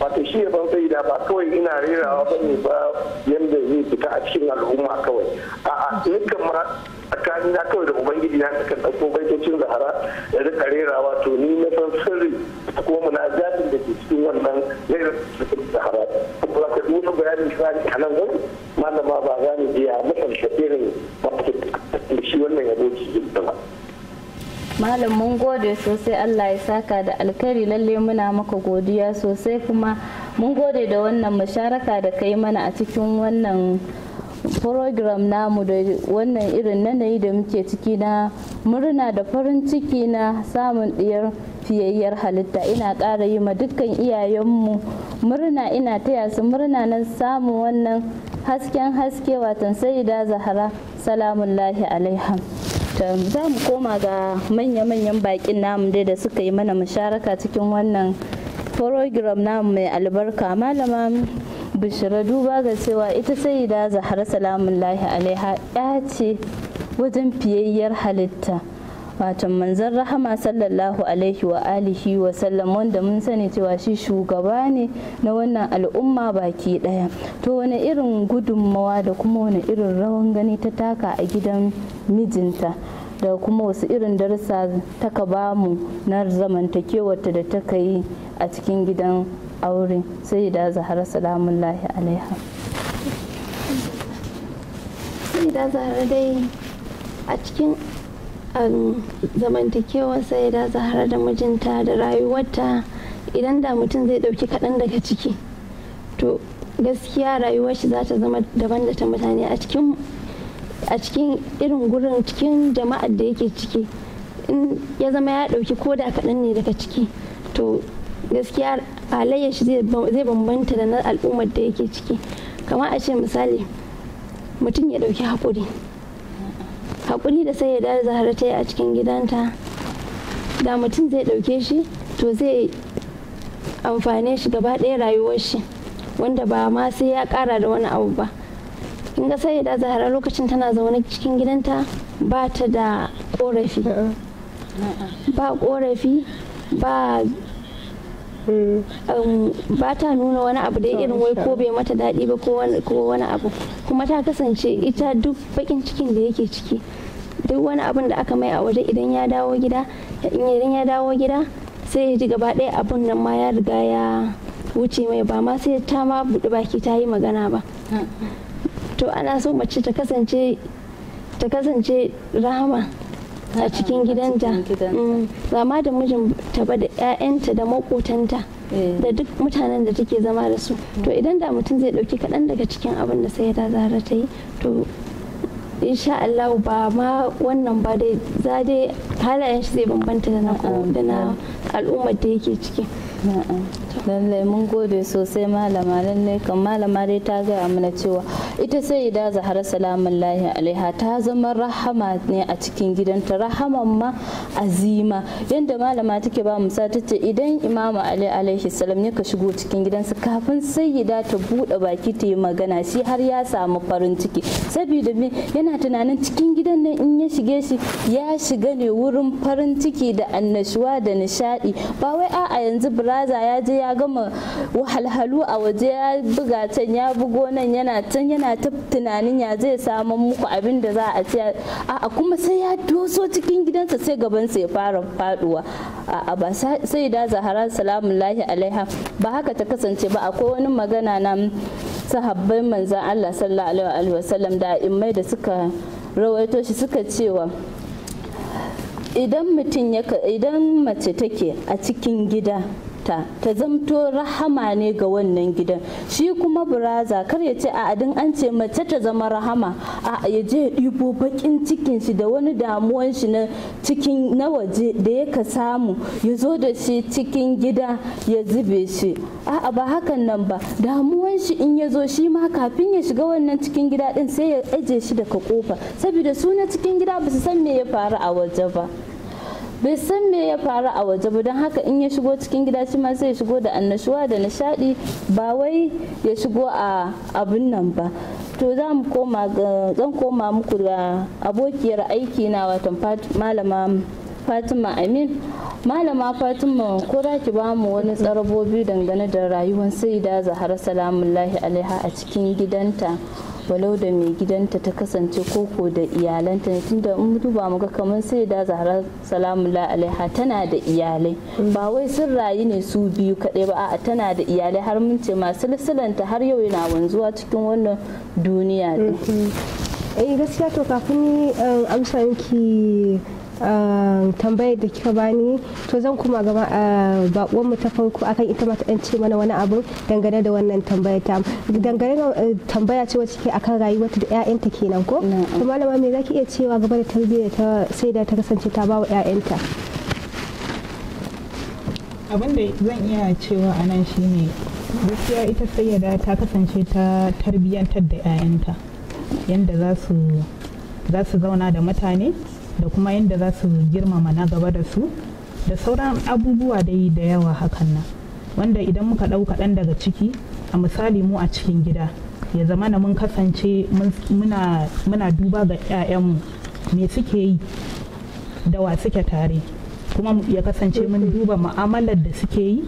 wato shi yaban sai da ba kawai ina rerawa ba ne ba yadda zai fita a cikin al'umma kawai a'a nukan ma tsakani na kawai da ubangiji na kan ɗauko baitocin zahara da rika rerawa to ni na san sirri ko zafin da ke cikin wannan rera zahara kuma ka duk wani bayanin shi a nan gani malama ba za ni biya mutan shafirin ba ta shi wannan yabo ke ba malam mun gode sosai allah ya saka da alkhari lalle muna maka godiya sosai kuma mun gode da wannan musharaka da kai mana a cikin wannan program namu da wannan irin nanayi da muke ciki na murna da farin ciki na samun ɗiyar fiyayyar halitta ina ƙara yi ma dukkan iyayenmu murna ina taya su murna nan samun wannan hasken haske watan sayida zahara salamun lahi alaiham za mu koma ga manya-manyan bakin namu dai da suka yi mana musharaka cikin wannan program namu mai albarka malama bishira duba ga cewa ita sayida zahara salamun lahi alaiha ya ce wajen fiyayyar halitta watan manzon rahama sallallahu alaihi wa alihi wa sallam wanda mun sani cewa shi shugaba ne na wannan al'umma baki daya to wani irin gudunmawa da kuma wani irin rawan gani ta taka a gidan mijinta da kuma wasu irin darussa ka bamu na zamantakewarta da ta ka yi a cikin gidan aure sai da zahara salamun lahi alaiha sai da zahara dai a cikin zamantakewa sai da zahara da mijinta da rayuwarta idan da mutum zai dauki kaɗan daga ciki to gaskiya rayuwar shi za ta zama daban da ta mutane a cikin irin gurin cikin jama'ar da yake ciki in ya zama ya ɗauki koda kaɗan ne daga ciki to gaskiya halayyar shi zai bambanta da na al'ummar da yake ciki kamar a ce misali mutum ya ɗauki haƙuri haƙuri da sai da zahara ta yi a cikin gidanta da mutum zai ɗauke shi to zai amfane shi gaba ɗaya rayuwar shi wanda ba ma sai ya ƙara da wani abu ba in ga sai da zahara lokacin tana zaune cikin gidanta ba ta da ƙorafi ba ƙorafi ba Hmm. Um, ba ta nuna wani abu da irin wai ko bai mata daɗi ba ko wani abu kuma ta kasance ita duk bakin cikin da yake ciki duk wani abin da aka mai a waje idan ya dawo gida idan ya dawo gida sai ya ji gaba ɗaya abun nan ma ya riga ya wuce mai ba ma sai ta ma buɗe baki ta yi magana ba hmm. to ana so mace ta kasance ta kasance rahama Ah, a cikin gidanta zama mm. da mijin ta ba da 'ya'yanta da makotanta eh. da duk mutanen da take zama da su to mm. idan da mutum zai dauki kaɗan daga cikin abin da sai ta zara ta yi to insha Allah ba ma wannan ba dai za dai halayen shi zai bambanta da na al'ummar da yake ciki lallai mun gode sosai malama lallai kan malama dai ta gaya mana cewa ita sai ida zahara salamun lahi alaiha ta zama rahama ne a cikin gidanta rahaman ma azima yadda malama take ba musa ta ce idan imamu ali alaihi salam ya ka shigo cikin gidansa kafin sayyida ta buɗe baki ta yi magana shi har ya samu farin ciki saboda me yana tunanin cikin gidan nan in ya shige shi ya shiga ne wurin farin ciki da annashuwa da nishaɗi ba wai a'a yanzu biraza ya je ya gama wahalhalu a waje ya buga can ya bugo nan yana can yana ta tunanin ya zai samun muku abin da za a ce a kuma sai ya doso cikin gidansa sai gabansa ya fara faduwa a ba sai da zahara salamun lahi alaiha ba haka ta kasance ba akwai wani magana na sahabbai manzan Allah sallallahu alaihi wasallam da imai da suka rawaito shi suka cewa idan mutum idan mace take a cikin gida ta ta zamto rahama ne ga wannan gidan shi kuma buraza kar ya ce a adin an ce mace ta zama rahama a ya je ɗibo bakin cikin shi da wani damuwan shi na cikin na waje da ya ka samu ya zo da shi cikin gida ya zube shi a'a ba hakan nan ba damuwan shi in ya zo shi ma kafin ya shiga wannan cikin gida din sai ya aje shi daga kofa saboda su na cikin gida ba su san me ya faru a waje ba bai san me ya faru a waje ba don haka in ya shigo cikin gida shi ma sai ya shigo da annashuwa da nishadi ba wai ya shigo a abin nan ba to za mu koma zan koma muku da abokiyar aiki na watan malama fatima amin malama fatima ko kura ki ba mu wani tsarabobi dangane da rayuwar sai da zahara salamullahi alaiha a cikin gidanta walau da mai gidanta ta kasance koko da iyalanta ne tunda in duba muga kamar sai da zahra salamu alaiha tana da iyalai ba wai sun rayu ne su biyu kaɗai ba a'a tana da iyalai har mun ce ma silsilanta har yau yana wanzuwa cikin wannan duniya eh gaskiya to kafin eh, amsa yanki. Ehm, tambayar da kika bani to zan kuma gama eh, bakon mu ta farko akan ita ma ta dan ce mana wani abu dangane da wannan tambaya ta dangane da eh, tambaya ce wacce ke akan rayuwarta da ƴaƴanta kenan ko to malama me zaki iya cewa gaba da tarbiyya ta sai da ta kasance ta ba wa ƴaƴanta abin da zan iya cewa a nan shine gaskiya ita sayyada ta kasance ta tarbiyyantar da 'ya'yanta yadda za su zauna da mutane da kuma yadda za su girmama na gaba da su da sauran abubuwa dai da yawa hakan nan wanda idan muka ɗauka ɗan daga ciki a misali mu a cikin gida ya zama na mun kasance muna duba ga 'ya'yanmu me suke yi da wa suke tare kuma ya kasance mun duba ma'amalar da suke yi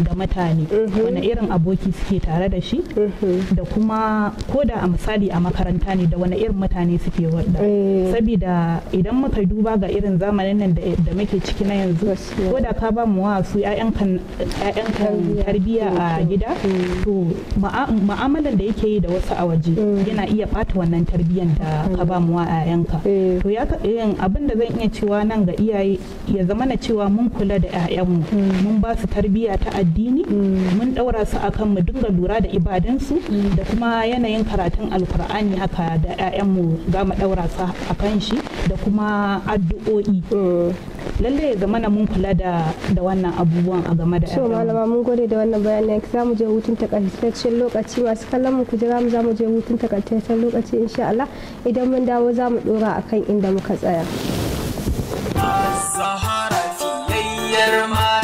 da mutane mhm. wani irin aboki suke tare da shi mhm. da kuma koda a misali a makaranta ne da wani irin mutane suke wadda mhm. saboda idan muka duba ga irin zamanin nan da muke ciki na yanzu ko da ka ba mu wasu ƴaƴan kan tarbiyya a gida to ma'amalan da yake yi da wasu a waje yana iya bata wannan tarbiyyan da ka ba mu wa ƴaƴanka to ya abin da zan iya cewa nan ga iyaye ya zama na cewa mun kula da ƴaƴanmu mun ba su tarbiyya ta addini mm. mun daura su akan mu dinga lura da ibadansu mm. da kuma yanayin karatun alkur'ani haka da 'ya'yanmu za mu daura su akan shi da kuma addu'o'i mm. lallai ya zamana mun kula da wannan abubuwan a game da so malama mun gode da wannan bayanin za mu je hutun takaitaccen lokaci masu kallon mu ku mu za mu je hutun takaitaccen lokaci insha Allah idan mun dawo za mu dora akan inda muka tsaya. Sahara fiyayyar mara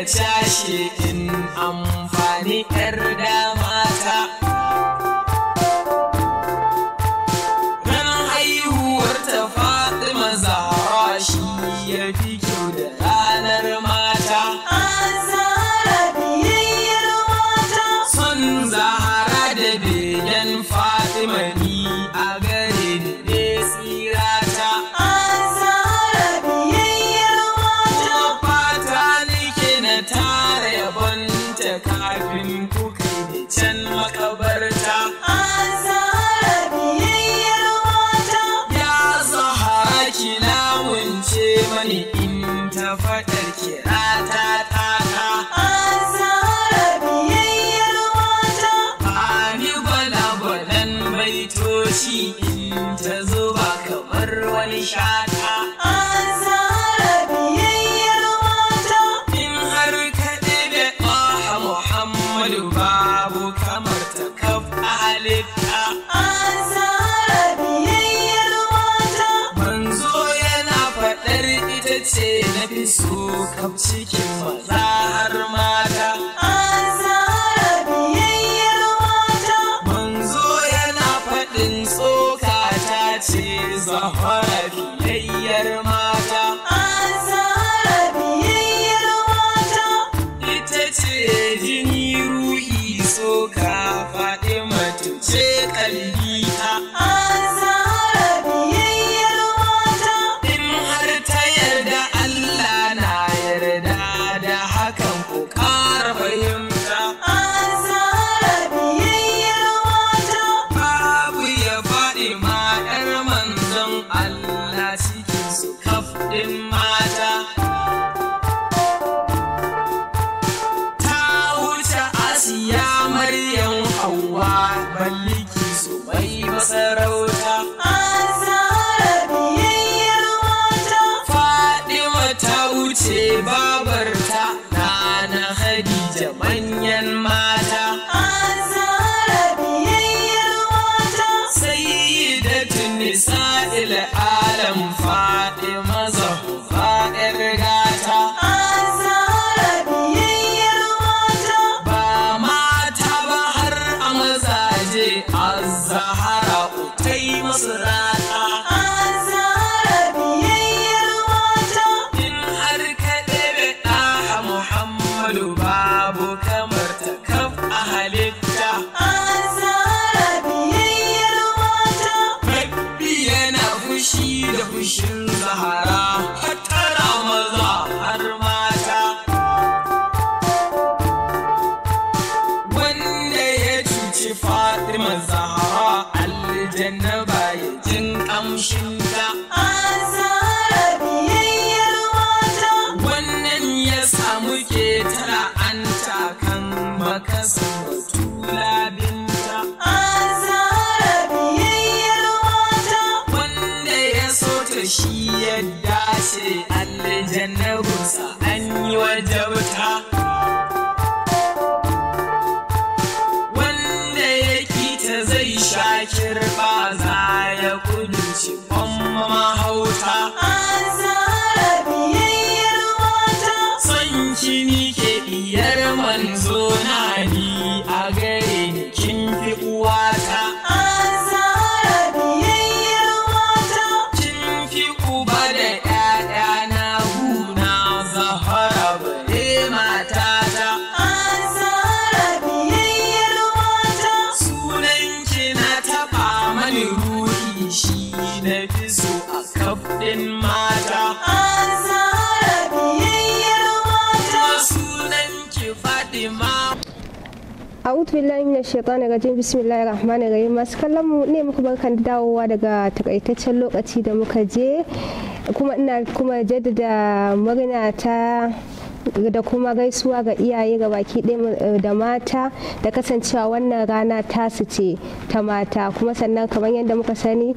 da tashi in amfani 'yar da shi ke diyar manzo na ni a'udhu billahi minash shaitani rajim bismillahir rahmanir rahim masu kallon mu ne muku barkan dawowa daga takaitaccen lokaci da muka je kuma ina kuma jaddada murna ta da kuma gaisuwa ga iyaye ga baki eh, da mata da kasancewa wannan rana tasu ce ta mata kuma sannan kamar yadda muka sani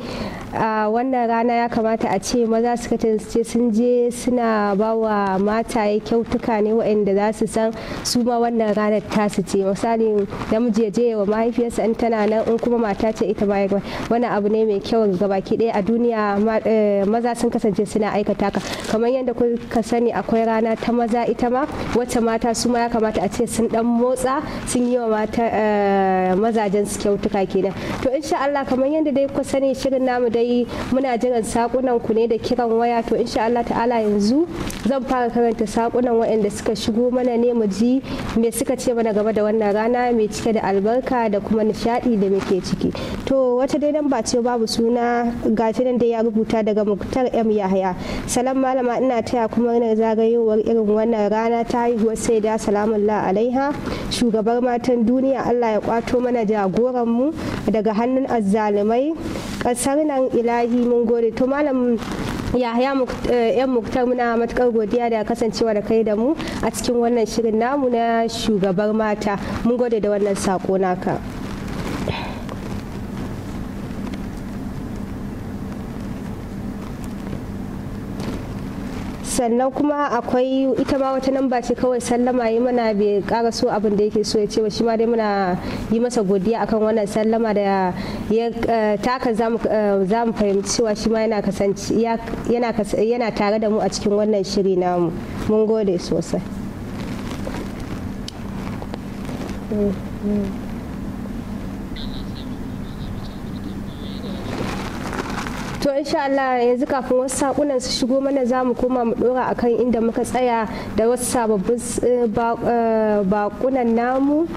a wannan rana ya kamata a ce maza su ce sun je suna ba wa mataye kyautuka ne waɗanda za su san su ma wannan ranar tasu ce misali namiji ya je wa mahaifiyarsa in tana nan in kuma mata ce ita ba wani abu ne mai kyau ga baki ɗaya a duniya eh, maza sun kasance suna aikata ka kamar yadda kuka sani akwai rana ta maza ita ma wacce mata su ma ya kamata a ce sun dan motsa sun yi wa mata eh, mazajen su kyautuka kenan to insha Allah kamar yadda dai kuka sani shirin namu dai dai muna jiran sakunan ku ne da kiran waya to insha Allah ta'ala yanzu zan fara karanta sakunan waɗanda suka shigo mana ne mu ji me suka ce mana game da wannan rana mai cike da albarka da kuma nishadi da muke ciki to wata dai nan ba ce babu suna ga nan da ya rubuta daga muktar m yahaya salam malama ina taya kuma ina zagayowar irin wannan rana ta haihuwar sai da salamun alaiha shugabar matan duniya allah ya kwato mana jagoran mu daga hannun azzalumai kasar nan ilahi mun gode to malam yahaya yan eh, muktar muna matukar godiya da kasancewa da kai da mu a cikin wannan shirin namu na shugabar mata mun gode da wannan sako naka. sannan kuma akwai ita ma wata namba ce kawai sallama yi mana bai kara so abin da yake so ya ce ba shi ma dai muna yi masa godiya akan wannan sallama da ya eh, taka eh, za mu fahimci cewa shi ma yana tare da mu a cikin wannan shiri namu mun gode sosai. Mm-hmm. to insha Allah yanzu kafin wasu sakunan su shigo mana za mu koma mu dora akan inda muka tsaya da wasu sababbin eh, bakunan eh, namu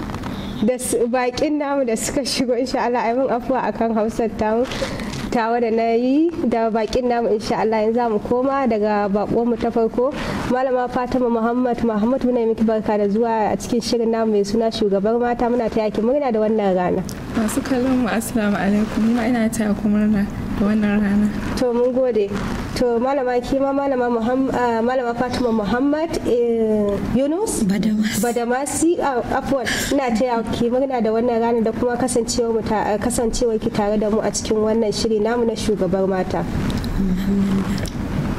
da bakin namu da suka shigo insha Allah ai mun afuwa akan hausa tamu tawa da na yi da bakin namu insha Allah yanzu mu koma daga mu ta farko malama Fatima Muhammad Muhammad muna miki barka da zuwa a cikin shirin namu mai suna shugabar mata muna ta yaki murna da wannan rana masu kallon mu assalamu alaikum ina ta ku murna wannan rana to mun gode to malama kima malama ah, malama fatima muhammad eh, yunus badamasi ah, afwan ina taya ki murna da wannan ranar da kuma kasancewa ki tare da mu a cikin wannan shiri namu na shugabar mata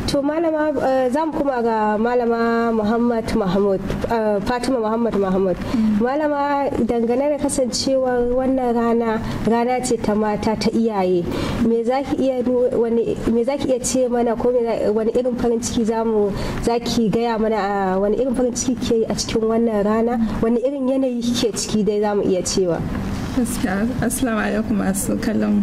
to malama eh, za mu kuma ga malama muhammad mahmud eh, fatima muhammad mahmud mm. malama dangane da kasancewar wannan rana rana ce ta mata ta iyaye me za ki iya ce mana ko wani irin farin ciki za mu za ki gaya mana a wani irin farin ciki ke a cikin wannan rana wani irin yanayi ke ciki dai za mu iya cewa assalamu alaikum masu kallon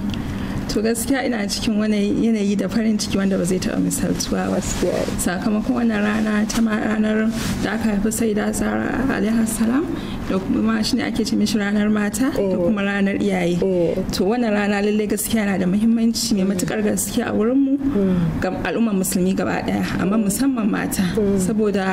to gaskiya ina cikin wani yanayi da farin ciki wanda ba zai taɓa misaltuwa ba sakamakon wannan rana ta ma ranar da aka haifi sai da tsara alaihi salam da kuma shi ne ake ce mishi ranar mata da eh. kuma ranar iyaye eh. to wannan rana lallai gaskiya na da muhimmanci mai mm. matukar gaskiya a wurinmu mm. ga al'ummar musulmi gaba daya amma musamman mata mm. saboda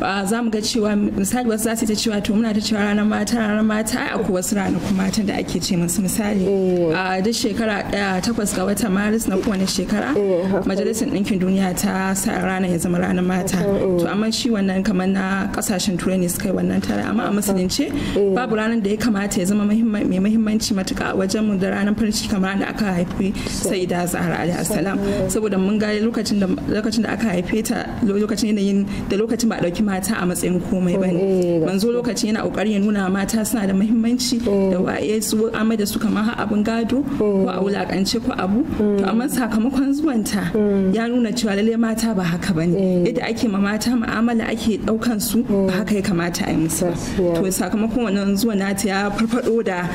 za mu ga cewa misali wasu za su ta cewa to muna ta cewa ranar mata ranar mata a wasu ranakun matan da ake ce musu misali eh. a duk shekara daya takwas ga watan maris na kowane shekara eh, majalisar ɗinkin duniya ta sa ranar ya zama ranar mata eh. to amma shi wannan kamar na kasashen turai ne suka yi wannan tare amma a musulunce babu ranar da ya kamata ya zama mai muhimmanci matuka a wajen mu da ranar farin ciki kamar da aka haifi sai da zahra alaihi salam saboda mun ga lokacin da da aka haife ta lokacin yanayin da lokacin ba a dauki mata a matsayin komai eh, bane manzo lokaci yana kokari ya nuna mata suna da muhimmanci eh. da waye su amai da su kamar har abin gado eh. ko a wulakance ko abu to amma sakamakon zuwan ta ya nuna cewa lalle mata ba haka bane yadda ake ma mata mu'amala ake daukan su ba haka ya kamata a yi musu to sakamakon wannan zuwan nata ya farfado da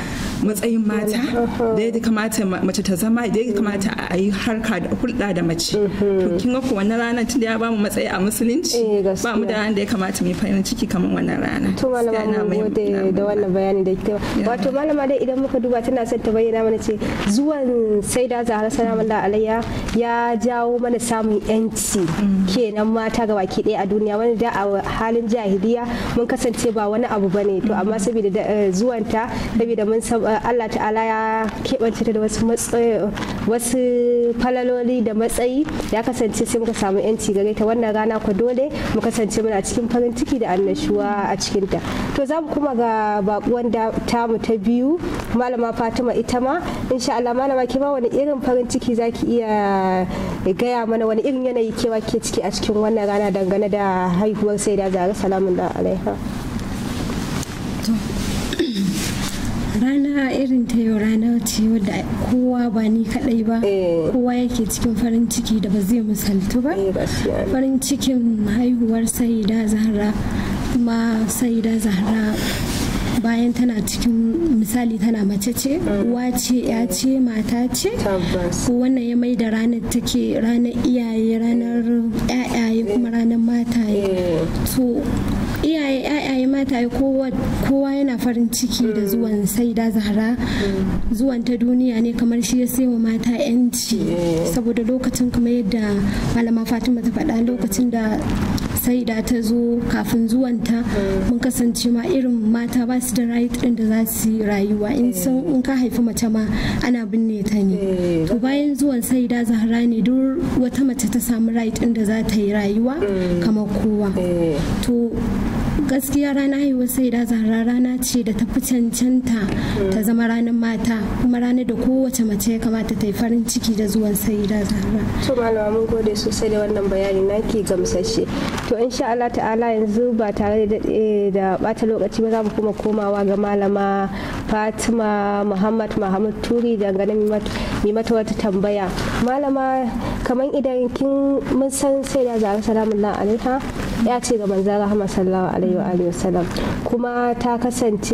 matsayin mata da ya kamata mace ta zama da ya kamata a yi harka da hulɗa da mace to mm-hmm. kin ga ko wannan rana tunda ya bamu matsayi a musulunci eh, ba mu da ranar da ya kamata mai farin ciki kamar wannan rana to malama mu gode da wannan bayani da kika wato malama dai idan muka duba tana son ta bayyana mana ce zuwan saida zahar zahara salamu alayya ya jawo mana samun yanci mm. kenan mata ga baki ɗaya a duniya wani da a halin jahiliya mun kasance ba wani abu bane to mm. amma saboda eh, zuwanta saboda mun allah ta'ala ya keɓance ta da wasu falaloli da matsayi ya kasance sai muka samu yanci gare ta wannan rana ku dole mu kasance muna cikin farin ciki da annashuwa a cikinta to za mu kuma ga bakuwan tamu ta biyu malama fatima ita ma insha allah malama ke ba wani irin farin ciki za ki iya gaya mana wani irin yanayi kewa ke ciki a cikin wannan rana dangane da haihuwar sai da zara salamun da alaiha rana irin ta yau rana ce wadda kowa ba ni kadai ba eh. kowa yake cikin farin ciki da ba zai misaltu ba eh, farin cikin haihuwar sayida zahra kuma sayida zahra bayan tana cikin misali tana mace ce mm. uwa ce ya ce mata ce wannan ya mai da ranar take ranar iyaye ranar yayaye kuma ranar mata mm. to iyaye yayaye kowa yana farin ciki da mm. zuwan saida zahara zuwan ta duniya ne kamar shi ya sai wa mata yanci saboda lokacin kuma yadda malama fatima ta faɗa lokacin da saida ta zo kafin zuwanta mun kasance ma irin mata ba da right ɗin da za su yi rayuwa in sun in ka haifi mace ma ana binne ta ne eh. to bayan zuwan sai da zahara ne duk wata mace ta samu rait din da za ta yi rayuwa mm. kamar kowa eh. to gaskiya rana haihuwar sai da zahara rana ce da ta fi cancanta ta mm. zama ranar mata kuma ranar da kowace mace ya kamata ta yi farin ciki da zuwan sai da zahara to malama mun gode sosai da wannan bayani ke gamsashe to insha Allah ta'ala yanzu ba tare da bata eh, lokaci ba za mu kuma koma girmamawa ga malama fatima muhammad muhammad turi dangane mai mata wata tambaya malama kamar idan kin mun san sai da zara salamun na alaiha ya ce ga manzan rahama sallallahu alaihi wa alihi wasallam kuma ta kasance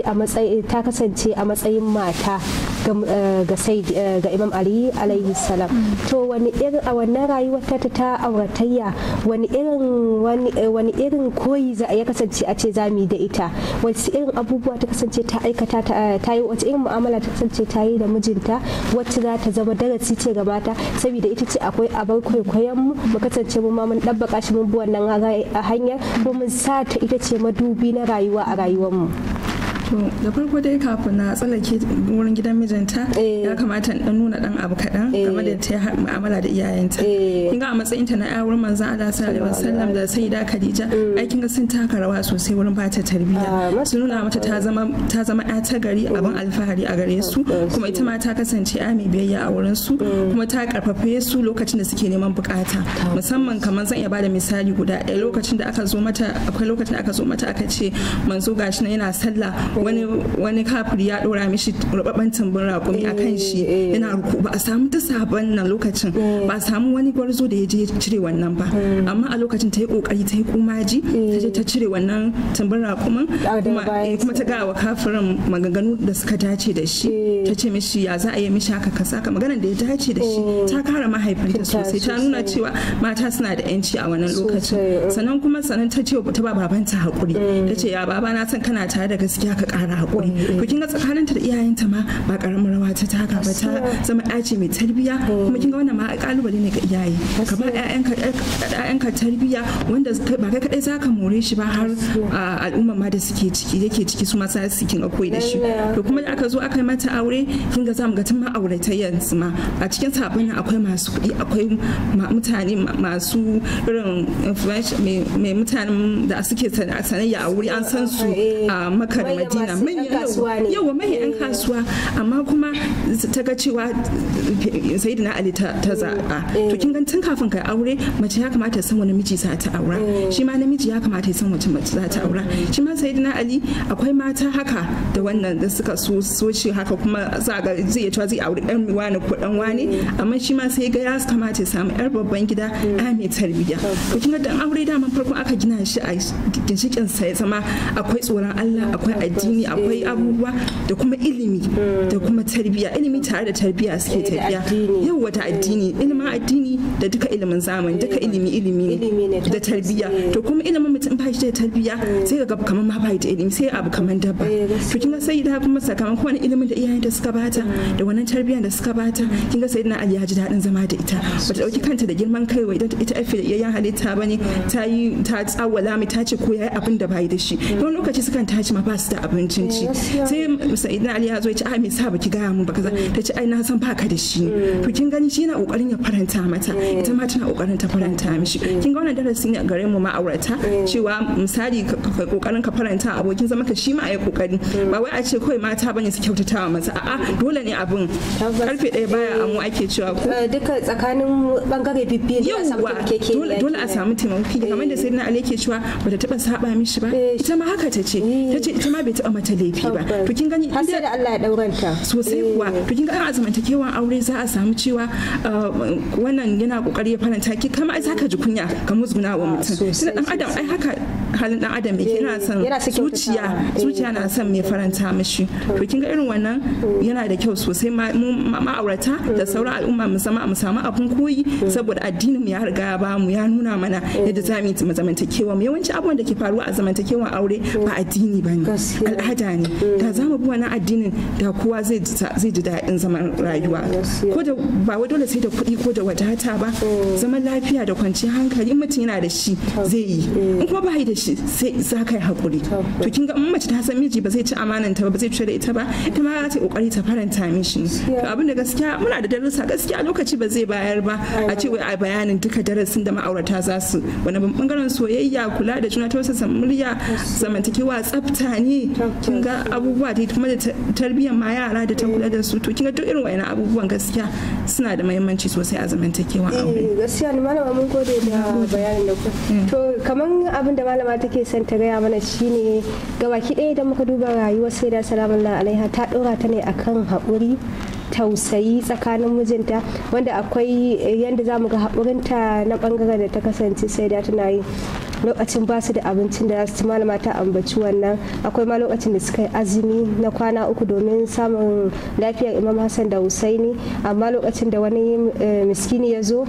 a matsayin mata Eh, ga eh, ga imam ali alaihi salam mm. to wani irin a wannan rayuwar ta ta auratayya wani irin wani eh, irin koyi za ya kasance a ce zami da ita wasu irin abubuwa ta kasance ta aikata ta yi wace irin mu'amala ta kasance ta yi da mijinta wacce za ta zama darasi ce ga mata saboda ita ce akwai abar kwaikwayon mu mu kasance mu ma mun dabbaka shi mun bi wannan hanyar mun sa ta ita ce madubi na rayuwa a rayuwar mu da farko dai kafin na tsallake wurin gidan mijinta eh. ya kamata in nuna dan abu kaɗan eh. game da ta mu'amala da iyayenta eh. kin ga a matsayin ta na wurin manzan Allah sallallahu alaihi wasallam da sayyida Khadija ai mm. kin ga sun taka rawa sosai wurin bata tarbiyya ah, sun nuna mata ta zama ta zama ya ta gari mm. abin alfahari a gare su kuma ita ma mm. ta kasance mai biyayya a wurin su kuma ta karfafe su lokacin da suke neman bukata musamman kamar zan iya bada misali guda ɗaya lokacin da aka zo mata akwai lokacin da aka zo mata aka ce manzo gashi na yana sallah wani kafiri ya dora mishi rubabban tambun rakumi a kan shi eh, eh. yana ruku ba a samu ta sabon nan lokacin eh. ba a samu wani gwarzo da ya je cire wannan ba hmm. amma a lokacin ta yi kokari ta yi kumaji ta je ta cire wannan tambun rakumin kuma ta gawa kafirin maganganu da suka dace da shi ta ce mishi ya za a yi mishi haka kasa ka maganar da ya dace da shi ta kara mahaifinta sosai ta nuna cewa mata suna da yanci a wannan lokacin sannan kuma sannan ta ce ta ba babanta hakuri ta ce ya baba na san kana tare da gaskiya ka kara hakuri mm-hmm. to kin ga tsakaninta da iyayenta ma ba karamin rawa ta taka ba ta zama ɗa ce mai tarbiyya mm. kuma kin ga wannan ma ƙalubale ne ga iyaye kamar ƴaƴanka tarbiyya wanda ba kai kaɗai zaka more shi ba har al'umma ma da suke ciki yake ciki su ma sa su kin koyi da shi to kuma da aka zo aka mata aure kinga zamu ga tun ma ta yanzu ma a cikin sabanin akwai masu kuɗi akwai mutane masu irin mai mutanen da suke sanayya a wuri an san su a makar madina yawa mahi yan eh. kasuwa amma kuma ta ga cewa eh, sayidina ali ta mm. zaɓa eh. to kin gan tun kafin kai aure mace ya kamata san wani miji za ta aura shi ma namiji ya kamata ya san wace mace za ta aura mm. shi ma sayidina ali akwai mata haka da wannan da suka so so shi haka kuma za ga zai ya cewa zai aure dan wani ko dan wani mm. amma shi ma sai ga ya kamata ya samu yar babban gida a mai tarbiyya to kin ga dan aure daman farko aka gina shi a ginshikin sai zama akwai tsoron Allah akwai addini addini akwai eh. abubuwa da kuma ilimi mm. da kuma tarbiyya ilimi tare da tarbiyya suke eh, tafiya yau wata addini ilimin addini da duka ilimin zamani duka ilimi ilimi ne da tarbiyya eh. to kuma ilimin mutum ba shi da tarbiyya mm. sai ga kamar ma ba da ilimi sai abu kamar dabba to kin ga sai da kuma sakamakon wani ilimin da iyayen mm. da suka bata da wannan tarbiyya da suka bata kin ga sai na Ali ya ji daɗin zama da ita bata dauki kanta da girman kai wai ita afi da iyayen halitta bane ta yi ta tsawala mai ta ce ko yayi abin da bai da shi wani lokaci sukan tashi ma ba su da abu. abincin ci eh, sai sa'idina ali ya zo ya ce ai me sa baki gaya mun ba kaza mm. ta ce ai na san baka da shi mm. to kin gani shi yana kokarin ya faranta mata mm. ita ma tana kokarin ta faranta mishi kin ga wannan darasin ne a gare mu ma aurata cewa misali ka kokarin ka faranta abokin zama ka shi ma ai kokari ba wai a ce kawai mata bane su kyautata wa masa a'a dole ne abin karfe daya baya amu ake cewa ko eh, duka tsakanin bangare bibbiyu yauwa dole a samu taimako kamar da eh. sai na ali ke cewa bata taba saba mishi ba ita ma haka ta ce ta ce ita ma bai taɓa mata laifi ba to kin gani har sai da Allah ya dauranta sosai kuwa eh. to kin ga a zamantakewan aure za a samu cewa uh, wannan yana kokari ya faranta ki kamar ai zaka ji kunya ka musguna wa mutum ah, sai dan adam ai haka halin dan adam yake yana eh, son zuciya zuciya na son mai faranta mishi to kin ga irin wannan mm. yana da kyau sosai ma'aurata mm. da sauran al'umma mu samu abun koyi mm. saboda addinin mu ya riga ya ba mu ya nuna mana yadda za mu yi zamantakewa mu yawanci abubuwan da ke faruwa a zamantakewa aure ba addini bane al'ada ne mm. da za mu bi wani addinin da kowa zai ji daɗin zaman rayuwa ko da ba wai dole sai da kuɗi ko da wadata ba mm. zaman lafiya da kwanciyar hankali in mutum yana da shi zai yi mm. in kuma ba da shi sai za ka yi hakuri to kin ga in mace ta san miji ba zai ci amananta ba ba zai cutar da ita ba ita ma za ta kokari ta faranta mishi to abin da gaskiya muna da darussa gaskiya lokaci ba zai bayar ba a ce wai a bayanin duka darasin da ma'aurata za su wani bangaren soyayya kula da juna ta wasu murya zamantakewa tsafta ne kin ga abubuwa da kuma da tarbiyyar ma yara da ta kula da su to kin ga duk irin wayannan abubuwan gaskiya suna da mahimmanci sosai a zamantakewan aure eh, gaskiya ni malama mun gode da bayanin da ku mm. to kaman abin da malama take son ta gaya mana shine ga baki ɗaya idan muka duba rayuwar sai da salamun alaiha ta ɗora ta ne akan haƙuri tausayi tsakanin mijinta wanda akwai yadda za mu ga haƙurinta na ɓangaren da ta kasance sai da tana yi lokacin ba su da abincin da su malama ta ambaci wannan akwai ma lokacin da suka yi azumi na kwana uku domin samun lafiyar imam hassan da husaini amma lokacin da wani eh, miskini ya zo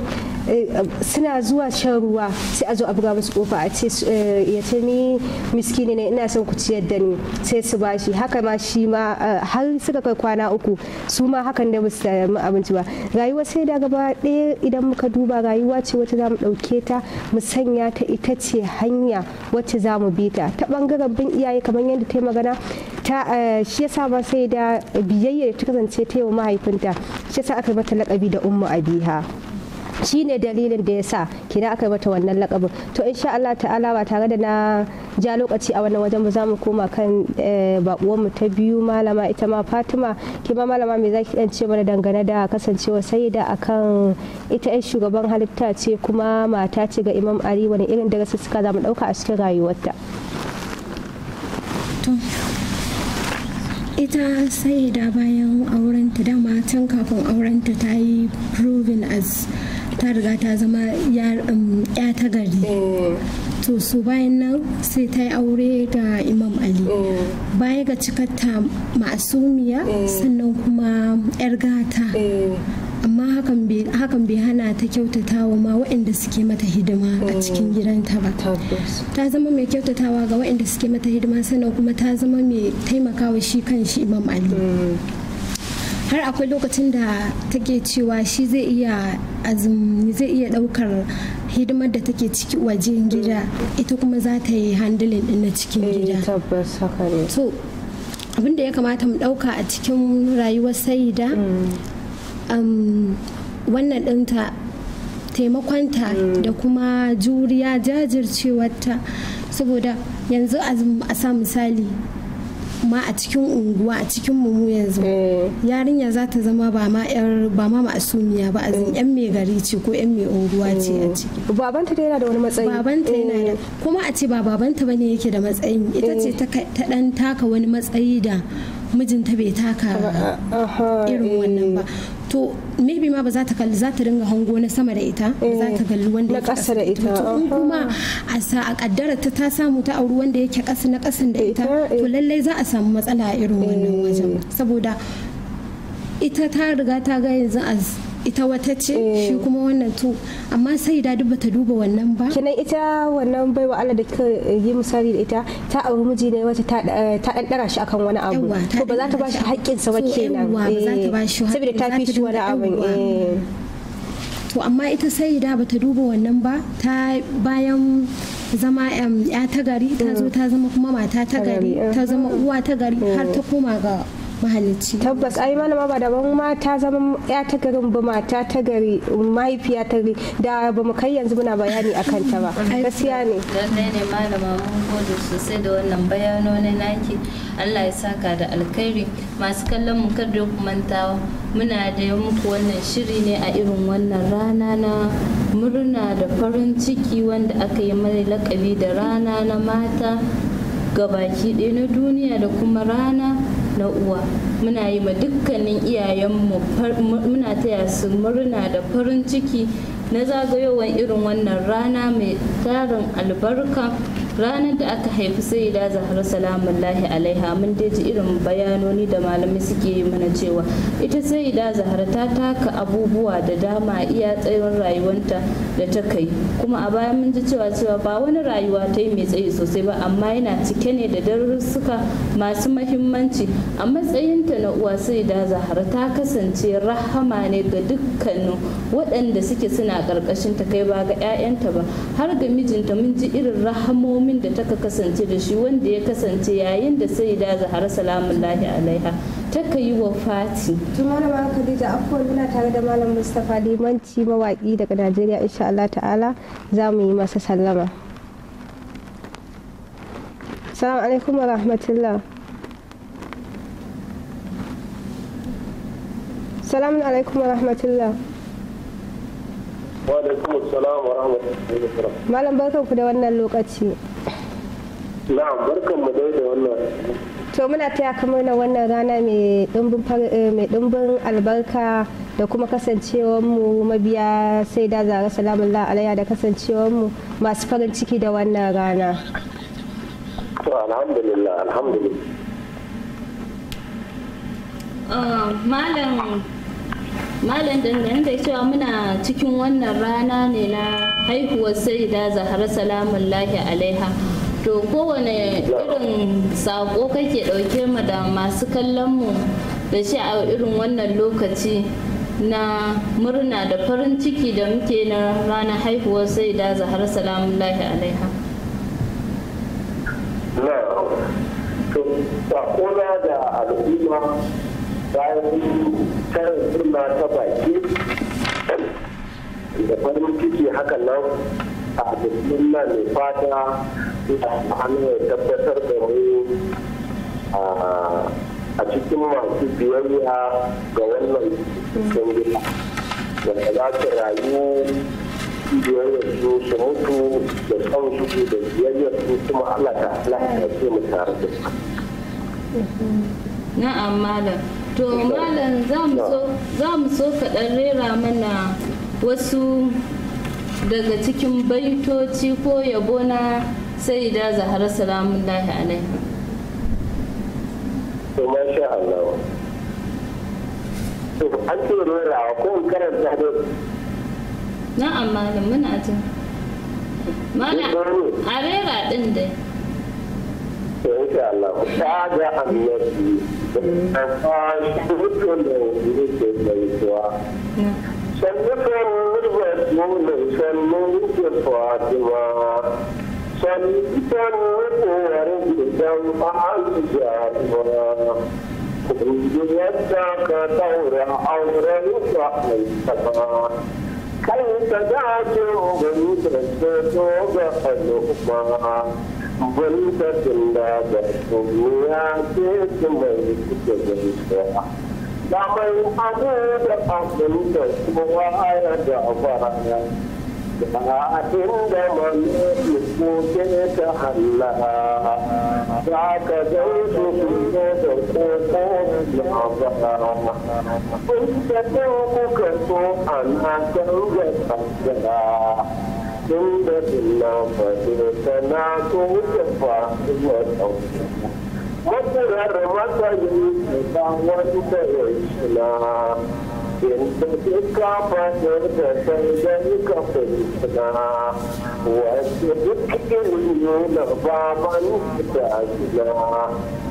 eh, suna zuwa shan ruwa sai a zo a buga musu kofa a ce eh, ya ce ni miskini ne ina son ku ciyar da ni sai su ba shi haka ma shi ma har suka kai kwana uku su ma hakan da basu mu abinci ba rayuwa sai da gaba ɗaya idan muka duba rayuwa ce wata za mu ɗauke ta mu sanya ta ita ce ce hanya wacce za mu bi ta ta bangaren bin iyaye kamar yadda ta yi magana ta eh, shi yasa ba sai da biyayya ta kasance ta yi wa mahaifinta shi yasa aka yi mata lakabi da ummu abiha shi ne dalilin da ya sa kina aka mata wannan lakabin to insha Allah ta'ala ba tare da na ja lokaci a wannan wajen ba za mu koma kan eh, bakuwar mu ta biyu malama ita ma Fatima ki ma malama me zaki dan ce mana dangane da kasancewa sayyida akan ita ai shugaban halitta ce kuma mata ce ga Imam Ali wani irin darasi suka za mu dauka a cikin rayuwarta ita sai da bayan aurenta dama can kafin aurenta ta yi proving as ta riga ta zama um, ya ta gari to su bayan nan sai ta yi aure ga imam ali baya ga cikata ma'asumiya sannan kuma 'yar gata amma hakan bai hana ta kyautatawa ma waɗanda suke mata hidima a cikin gidanta ba ta zama mai kyautatawa ga waɗanda suke mata hidima sannan kuma ta zama mai taimakawa shi kan shi imam ali har akwai lokacin da take cewa shi zai iya azumi zai iya daukar hidimar da take ciki wajen gida ita kuma za ta yi handling din na cikin eh, gida so abin da ya kamata mu dauka a cikin rayuwar sayida mm. um, wannan ɗinta taimakonta mm. da kuma juriya jajircewarta saboda yanzu a sa misali ma a cikin unguwa a cikin mu yanzu eh. yarinya za ta zama ba ma yar ba ma masumiya ba a yan eh. mai gari ce ko yan mai unguwa ce a eh. ciki babanta da yana da wani matsayi babanta yana da kuma a ce ba babanta bane yake da matsayi ita ce ta dan taka wani matsayi da mijinta bai taka irin wannan ba to maybe ma ba za ta kalli za ta ringa hango na sama da ita ba za ta kalli wanda ya kasa da ita to in kuma a sa a kaddara ta ta samu ta auri wanda yake kasa na kasan da ita eh. to lallai za a samu matsala a irin wannan eh. wajen saboda ita ta riga ta ga yanzu ita wata ce shi mm. kuma wannan tu amma sai da duk bata duba wannan ba kenan ita wannan baiwa Allah da kika yi misali da ita ta auri miji ne wata ta dan eh, dara shi akan wani abu to ba za ta shi haƙƙin sa ba kenan ba za ta shi eh, saboda ta fi shi wani abu eh. to amma ita sai da bata duba wannan ba ta bayan zama ya ta gari ta zo mm. ta zama kuma mata ta gari ta uh-huh. zama uwa ta gari har ta mm. koma ga mahalicci tabbas ai malama ba daban ma ta zama ya ta garin ba mata ta gari mahaifiya ta gari da ba mu kai yanzu muna bayani a kanta ba gaskiya ne lallai ne malama mun gode sosai da wannan bayanoni naki Allah ya saka da alkhairi masu kallon mu kada ku manta muna da muku wannan shiri ne a irin wannan rana na murna da farin ciki wanda aka yi mai lakabi da rana na mata ga baki ɗaya na duniya da kuma rana na uwa muna yi ma dukkanin iyayenmu muna taya su murna da farin ciki na zagayowar irin wannan rana mai tarin albarka ranar da aka haifi sai da zahra salamun lahi alaiha mun ji irin bayanoni da malamai suke yi mana cewa ita sai da zahra ta taka abubuwa da dama iya tsayin rayuwanta da ta kai kuma a baya mun ji cewa cewa ba wani rayuwa ta yi mai tsayi sosai ba amma yana cike ne da darussuka masu mahimmanci a matsayinta na uwa sai da zahra ta kasance rahama ne ga dukkanin waɗanda suke suna ƙarƙashin ta kai ba ga 'ya'yanta ba har ga mijinta mun ji irin rahamomi kalmomin da taka kasance da shi wanda ya kasance yayin da sai da zahara salamun lahi alaiha taka yi wa fati to ka khadija afuwan muna tare da malam mustapha limanci mawaƙi daga najeriya insha allah ta'ala za mu yi masa sallama salamu alaikum wa rahmatullah salamu alaikum wa rahmatullah Malam barkan ku da wannan lokaci. na barkan mu dai da wannan to muna taya kamar na wannan rana eh, mai ɗumbin albarka da kuma kasancewar mu mabiya sai da zara salamun la'alaya da kasancewar mu masu farin ciki da wannan rana to alhamdulillah alhamdulillah ah, malam malam dangane da cewa muna cikin wannan rana ne na haihuwar sai da zahara salamun lahi alaiha to kowane irin sako kake ɗauke mu da masu kallon mu da shi a irin wannan lokaci na murna da farin ciki da muke na ranar haihuwar sai da zahar salamun lahi alaiha na to da al'umma bayan suna ta baki da farin ciki hakan nan a cikin nan fata hannu ya tabbatar da mu a cikin masu biyayya ga wannan cikin da za ta rayu biyayya su su mutu da son su da biyayya su kuma Allah ta Allah ce mu tare da su. Na'am malam. To malam za mu so kaɗan rera mana wasu daga cikin baitoci ko yabo na sai da zahara salamun lahi alaiha Allah an ce rawa ko in karanta da na'am malam muna jin Mana a rera din da wani fashi சல்லுக்கன் முருகன் சல்லுக்கு பாத்துவா சல்லுக்கன் முருகன் ஆயிஜாத்மா وجدتك دورا عورا يصحي السماء كيف دعتهم يترددوا بحلقما بلدة لا بحكم يا سيد ميت جبلتها Namun ada tempat untuk semua ayat jawaran yang Tak ada manusia yang kehalah Tak ada manusia yang kehalah Tak ada manusia yang kehalah Tak ada manusia yang kehalah Tak ada manusia yang kehalah Tak ada manusia yang kehalah Matsala ramata ne ba wani kawai na inda duka fadar da sandan kafin na wasu duk ilimi na baban da suna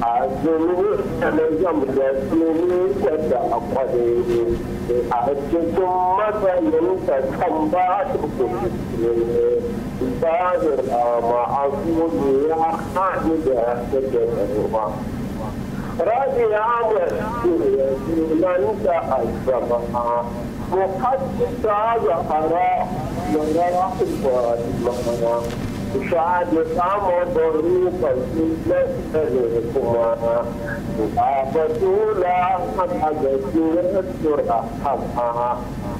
a domin sanar zan da tsunami wadda a kwade a cikin matsayin ta kan ba ta kuma ba da ma'azu ya haɗu da take ba رضي عمل من تأجبها وقد تاج أراء وراء الظالمين شاهدوا قاموا ضروفا تلتهمكما وقابتوا لا احد حدثوا يذكر احقها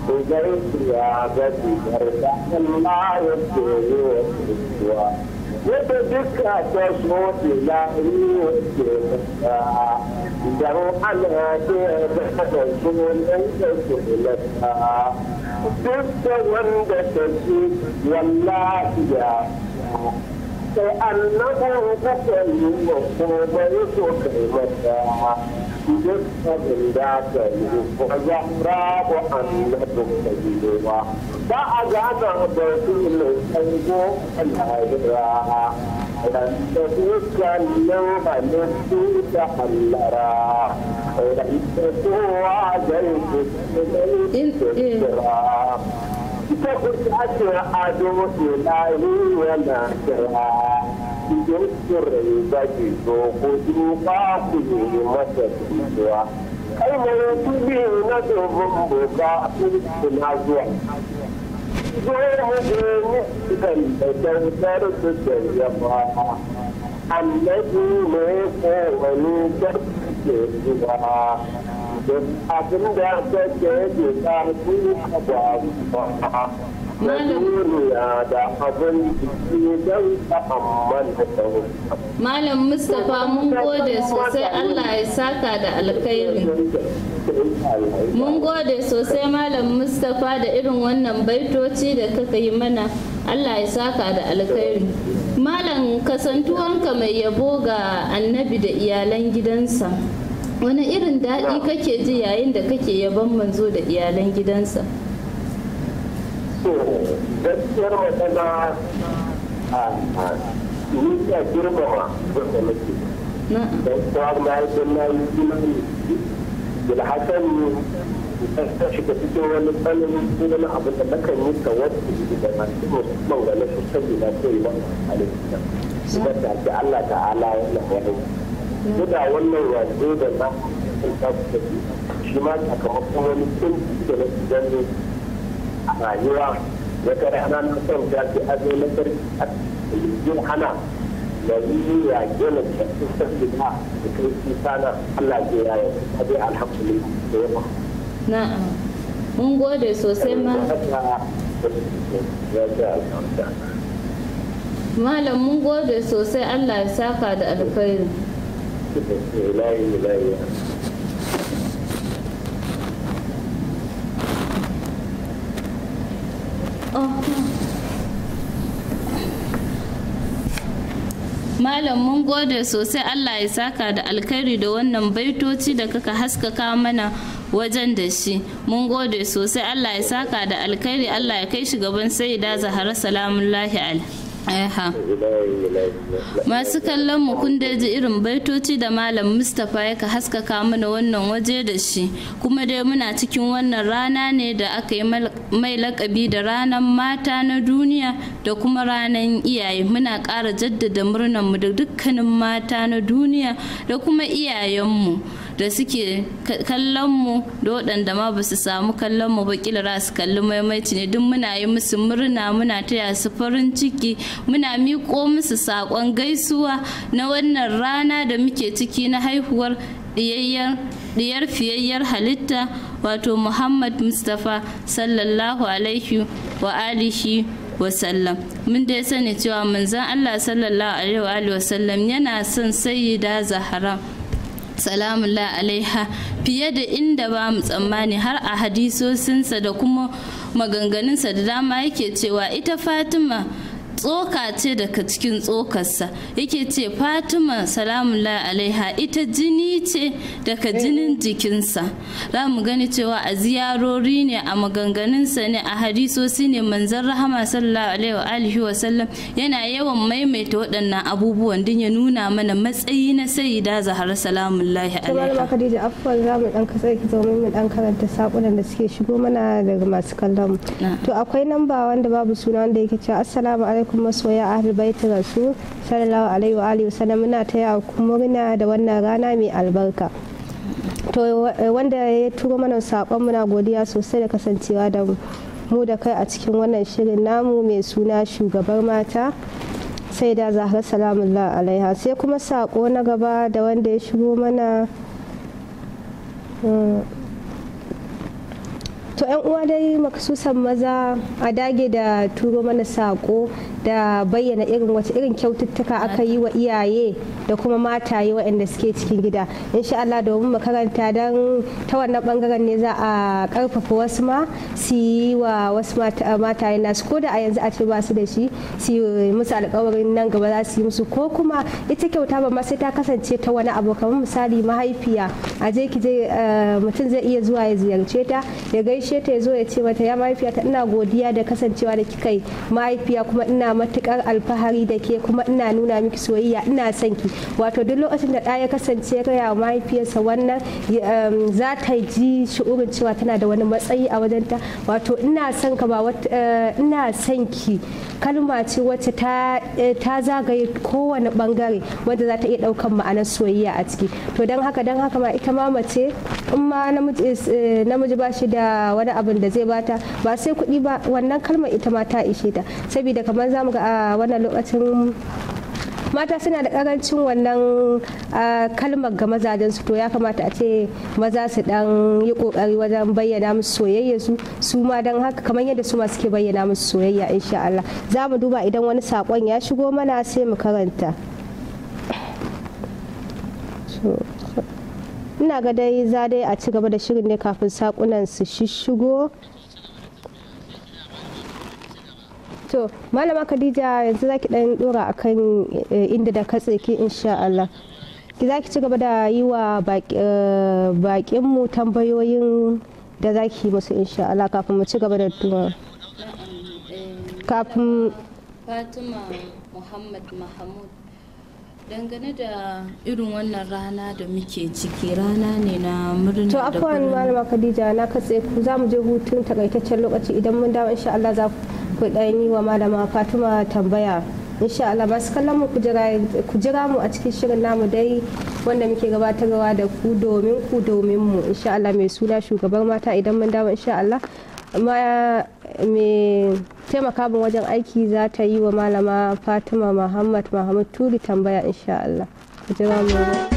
بغير قيادتي ارتاح الله يبكي ويسكتها yadda duka ta so ke lariyo ke idan Allah ya da ta so ne ta so lafiya duk wanda ta ce wallahi ya sai annabin kuka yi wa kuma ya so kai mata duk abin da ka yi kuma ya bu an da duka yi ne ba ba a gaza a bauti mai tsango alhaira dan da duka nan ba ne su da hallara dan da kowa zai kusa da ilimin ita kusa ce a dubu ilayi wanda kira cikin tsirrai za ki so ku duba ku nemi masa dukiya kalmar tubi na domin boka suna zuwa Zoye muke niskan da kyautar su da yaba, annabi ne kowane ke zuwa, duk abin da ta ke ke ƙarfi a ba Malam Mustapha mun gode sosai Allah ya saka da alkhairi. Mun gode sosai Malam Mustapha da irin wannan baitoci da kaka yi mana Allah ya saka da alkhairi. Malam kasantuwanka mai yabo ga annabi da iyalan gidansa. Wani irin daɗi kake ji yayin da kake yabon manzo da iyalan gidansa? to gaskiyar matsala a ni ta girmama wanda nake don kuwa na yi yi ta shiga cikin wani tsanin ko abu da nakan yi ta wasu da masu musamman ga na sosai da ba a lokacin kuma da ake Allah ta'ala yana wani guda wannan wazo da na shi ma sakamakon wani tun da na rayuwa wata rana na son ta a azo na sarki hana da yi ya gina cikin sarki ba da kai shi sana Allah ke yaya a bi alhamdulillah da Na Na'am. Mun gode sosai ma. Malam mun gode sosai Allah ya saka da alkhairi. Malam mun gode sosai Allah ya saka da alkhairi da wannan baitoci da kaka haskaka mana wajen da shi. Mun gode sosai Allah ya saka da alkhairi Allah ya kai shi gaban sai da zahara salamun lahi masu kallon mu kun daji irin baitoci da malam mustapha yaka haskaka mana wannan waje da shi kuma dai muna cikin wannan rana ne da aka yi mai lakabi da ranan mata na duniya da kuma ranan iyaye muna ƙara jaddada murnarmu da dukkanin mata na duniya da kuma iyayenmu da suke kallon mu da waɗanda ma ba su samu kallon mu ba kila su kalli maimaici ne duk muna yi musu murna muna taya su farin ciki muna miƙo musu saƙon gaisuwa na wannan rana da muke ciki na haihuwar ɗiyar fiyayyar halitta wato muhammad mustapha sallallahu alaihi wa alihi wasallam mun dai sani cewa manzon allah sallallahu alaihi wa sallam yana son sayyida zahara salamullah alaiha fiye da inda ba mu tsammani har a hadisosinsa da kuma maganganunsa da dama yake cewa ita fatima tsoka ce daga cikin tsokarsa yake ce fatima salamullah alaiha ita jini ce daga jinin jikinsa za mu gani cewa a ziyarori ne a maganganunsa ne a hadisosi ne manzan rahama sallallahu alaihi wa alihi wa sallam yana yawan maimaita waɗannan abubuwan din ya nuna mana matsayi na sayyida zahar salamullah alaiha Khadija afwan za mu dan kasa ki zo mu dan karanta sakunan da suke shigo mana daga masu kallon to akwai namba wanda babu suna wanda yake cewa assalamu alaikum kuma soya ahlul baitin rasu sallallahu alaihi wa alihi wasallam muna taya ku murna da wannan rana mai albarka to eh, wanda ya turo mana sakon muna godiya sosai da kasancewa da mu da kai a cikin wannan shirin namu mai suna shugabar mata sai da zahra salamullah alaiha sai kuma sako na gaba da wanda ya shigo mana eh, yan uwa dai makasusan maza a dage da turo mana sako da bayyana irin wace irin kyaututtuka aka yi wa iyaye da kuma mataye waɗanda suke cikin gida insha Allah domin makaranta don ta wannan bangaren ne za a karfafa wasu ma su yi wa wasu mataye nasu ko da a yanzu a ce ba su da shi su yi musu alkawarin nan gaba za su yi musu ko kuma ita kyauta ba ma sai ta kasance ta wani abu kamar misali mahaifiya a je ki je eh, mutum zai iya zuwa ya ziyarce ta ya gaishe gaishe ta zo ya ce mata ya mahaifiyata ina godiya da kasancewa da kika yi mahaifiya kuma ina matukar alfahari da ke kuma ina nuna miki soyayya ina son ki wato duk lokacin da ɗaya kasance ya wa mahaifiyarsa wannan um, za ta ji shi'urin cewa tana da wani matsayi a wajenta wato ina son ka ba eh, ina son ki kalma ce wacce ta eh, zagaye kowane bangare wanda za ta iya ɗaukan ma'anar soyayya a ciki to don haka don haka ma ita ma mace in ma namiji eh, ba shi da wani wani abin da zai bata ba sai kuɗi ba wannan kalmar ita ma ta ishe ta saboda kamar zamu ga a ah, wannan lokacin mata suna da karancin wannan ah, kalmar ga mazajen su to ya kamata a ce maza su dan yi kokari wajen bayyana musu soyayya su su ma dan haka kamar yadda su ma suke bayyana musu soyayya insha Allah za mu duba idan wani sakon ya shigo mana sai mu karanta ina ga dai za dai a ci gaba da shirin ne kafin sakunan su shishigo to malama khadija yanzu zaki dan dora akan eh, inda da ka ki insha Allah ki zaki ci gaba da yi wa bakin eh, mu tambayoyin da zaki musu insha Allah kafin mu ci gaba da tuwa kafin Fatima Muhammad Mahmud dangane da irin wannan rana da muke ciki rana ne na murna to afwan malama khadija na katse ku za mu je hutun takaitaccen lokaci idan mun dawo insha Allah za ku dan yi wa malama Fatima tambaya insha Allah masu kallon mu ku jira mu a cikin shirin namu dai wanda muke gabatarwa da ku domin ku domin mu insha Allah mai suna shugabar mata idan mun dawo insha Allah me taimaka min wajen aiki za ta yi wa malama fatima muhammad muhammad turi tambaya insha allah ku jira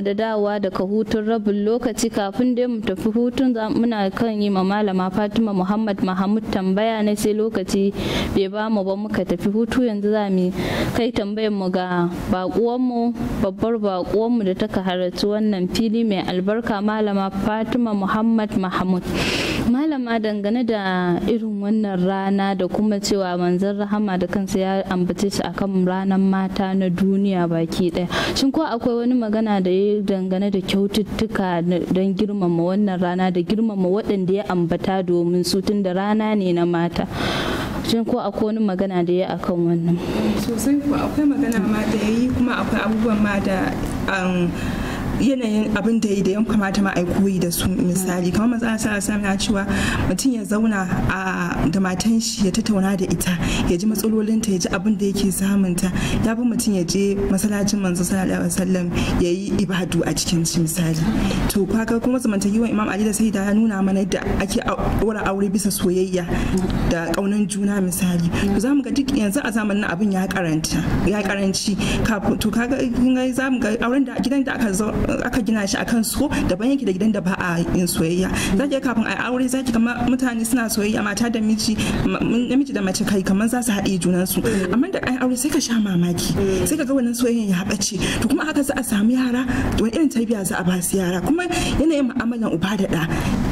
mu da dawowa daga hutun rabin lokaci kafin dai mu tafi hutun muna kan yi ma malama Fatima Muhammad mahmud tambaya na sai lokaci bai ba mu ba muka tafi hutu yanzu za mu kai tambayar mu ga bakuwan mu babbar bakuwan mu da ta halarci wannan fili mai albarka malama Fatima Muhammad mahmud malama dangane da irin wannan rana da kuma cewa manzan rahama da kansa ya ambace shi akan ranar mata na duniya baki ɗaya, shin ko akwai wani magana da ya dangane da kyaututtuka don girmama wannan rana da girmama waɗanda ya ambata domin su tun da rana ne na mata shin ko akwai wani magana da ya akan wannan sosai ko akwai magana ma da ya yi kuma akwai abubuwan ma da um, yanayin abin da ya da kamata ma da su misali kamar maza sa sami na cewa mutum ya zauna a da matan shi ya tattauna da ita ya ji matsalolinta ya ji abin da yake samunta ya fi mutum ya je masallacin manzo sallallahu alaihi wasallam ya yi ibadu a cikin shi misali to kaga kuma zamantakewa imam ali da sai da ya nuna mana yadda ake wara aure bisa soyayya da kaunan juna misali to zamu ga duk yanzu a zamanin abin ya karanta ya karanci to kaga kin ga zamu ga auren da gidan da aka aka gina shi akan so daban yake da gidan da ba a yin soyayya za ki kafin a aure za ki kama mutane suna soyayya mata da miji namiji da mace kai kamar za su haɗe su mm. amma da ai aure sai ka sha mamaki mm. sai ka ga wannan soyayya ya ɓace to kuma haka za a samu yara wani irin tarbiyya za a ba su yara kuma yanayin mu'amalan uba da da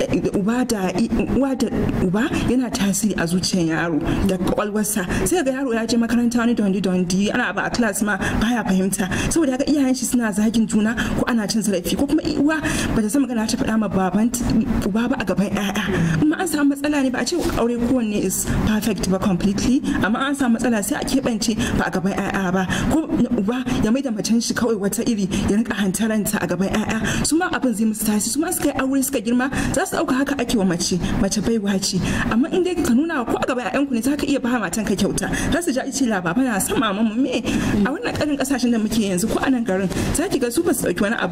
eh, uba da uwa da uba yana tasiri a zuciyar yaro da kwakwalwarsa sai ga yaro ya je makaranta wani dondi dondi ana ba a class ma baya fahimta saboda haka iyayen shi suna zagin juna ko ana ana cin zarafi ko kuma uwa ba ta san magana ta faɗa ma uba ba a gaban ƴaƴa amma an samu matsala ne ba a ce aure kowanne is perfect ba completely amma an samu matsala sai a keɓance ba a gaban ƴaƴa ba ko uba ya mai da macen shi kawai wata iri ya rinka hantaranta a gaban ƴaƴa su ma abin zai musu tasi su ma suka yi aure suka girma za su ɗauka haka ake wa mace mace baiwa ce amma in dai ka nuna ko a gaban ƴaƴanku ne za ka iya ba matan ka kyauta za su ja ice la baba na san mama mu me a wannan ƙarin ƙasashen da muke yanzu ko a nan garin za ki ga su ba su ɗauki wani abu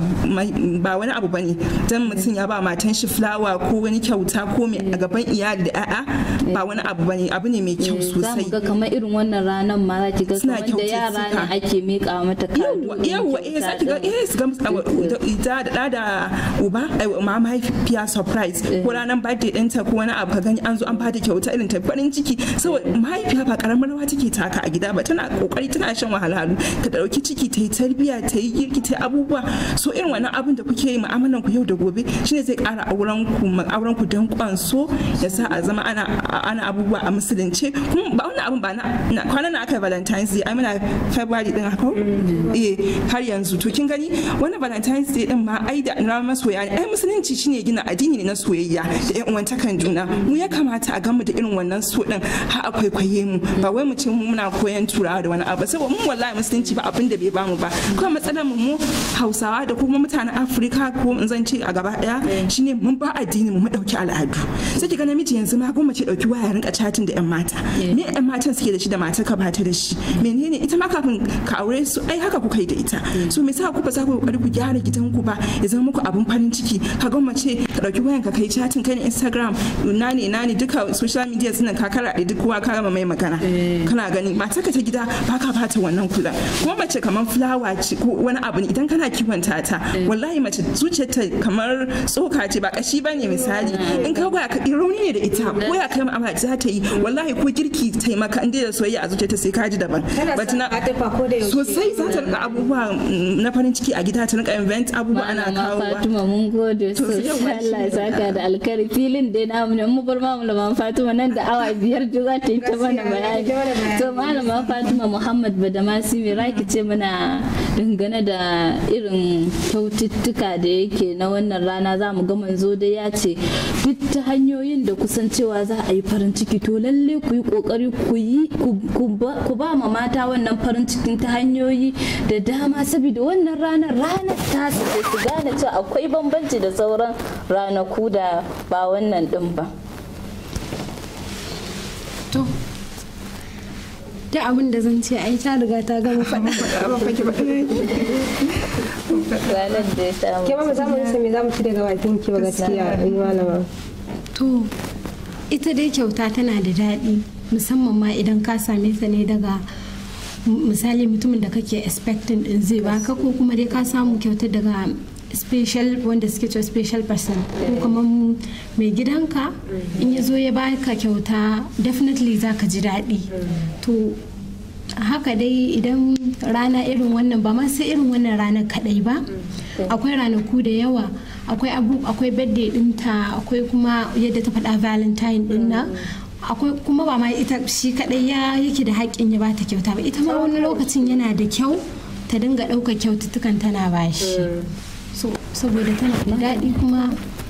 ba wani abu bane dan mutum ya ba matan shi fulawa ko wani kyauta ko mai a gaban iyali da a'a ba wani abu bane abu ne mai kyau eh, sosai ga kamar irin wannan ranar ma za ki ga kamar da yara ne ake mika mata kado yawa eh za ki ga eh su ga eh, da da da uba eh, ma mahaifiya surprise ko ranar birthday ta ko wani abu ka gani an zo an bada kyauta irin ta farin ciki saboda mahaifiya ba karamar rawa take taka a gida ba tana kokari tana shan wahalhalu ta dauki ciki ta yi tarbiya ta yi girki ta yi abubuwa so irin wannan abin da kuke yi mu'amalan ku yau da gobe shine zai kara auren ku auren ku dan kwanso ya sa a zama ana ana abubuwa a musulunce kuma ba wannan abin ba na kwana na aka valentines day february din haka mm. eh har yanzu to kin gani wannan valentines day din ma ai da na masoya ai musulunci shine gina addini ne na soyayya da ƴan takan juna mu ya kamata a gamu da irin wannan so din har akwai kwaye mu ba wai mu ce muna koyan turawa da wani abu saboda mun wallahi musulunci ba abin da bai bamu ba kuma matsalar mu mu Hausawa da kuma mutanen afirka ko in zan ce a gaba daya mm. shine mun ba addini mu dauki al'adu sai ki ga namiji yanzu ma goma ce dauki waya rinka chatin da yan mata me yan matan suke da shi da matar ka ba ta da shi menene ita ma kafin ka aure su ai haka kuka yi da ita mm. so me sa ku ba za ku kokari ku gyara ku ba ya zama muku abin farin ciki ka goma ce ka dauki wayan ka kai chatin kai ne instagram na ne na ne duka social media suna ka kara duk kowa ka gama mai magana eh. kana gani matar ka ta gida ba ka bata wannan kula kuma mace kamar fulawa ce ko wani abu ne idan kana kiwon ta eh. wallahi mace zuciyar ta kamar tsoka ce ba kashi ba ne misali eh. in ka goya ka rauni ne da ita ko eh. ya kai mu'amala za ta yi wallahi ko girki taimaka inda dai da soyayya a zuciyar ta sai ka ji daban batuna sosai za ta rika abubuwa mm, na farin ciki a gida ta rika invent abubuwa ana kawo ba Fatima mun gode sosai Allah ya saka da alkari filin dai na mun mu bar mu Fatima nan da awa biyar ji za ta yi ta bana bayani to malama Fatima Muhammad Badamasi mai raki ce mana dangane da irin kyaututtuka da yake na wannan rana za mu ga manzo da ya ce duk ta hanyoyin da kusan cewa za a yi farin ciki to lalle ku yi kokari ku ba ma mata wannan farin cikin ta hanyoyi da dama saboda wannan ranar ranar ta su su gane cewa akwai bambanci da sauran ranaku da ba wannan din ba. duk abin da zan ce ai ta riga ta gama faɗa ke ba za mu yi za mu ci daga bakin ki ba gaskiya in eh, malama to ita dai kyauta tana da daɗi musamman ma idan ka same ta ne daga misali mutumin da kake expecting din zai baka ko kuma dai ka samu kyauta daga special wanda suke cewa special person ko eh. kuma mai gidanka mm-hmm. in ya zo ya baka kyauta definitely za ka ji daɗi mm-hmm. to haka dai idan rana irin wannan ba ma sai irin wannan rana kadai ba mm-hmm. eh. akwai ranaku da yawa akwai abu akwai birthday dinta akwai kuma yadda ta faɗa valentine din akwai kuma ba ma ita shi kadai ya yake da haƙƙin ya bata kyauta ba ita ma wani lokacin yana da kyau ta dinga ɗaukar kyaututtukan tana bashi mm. saboda tana da daɗi kuma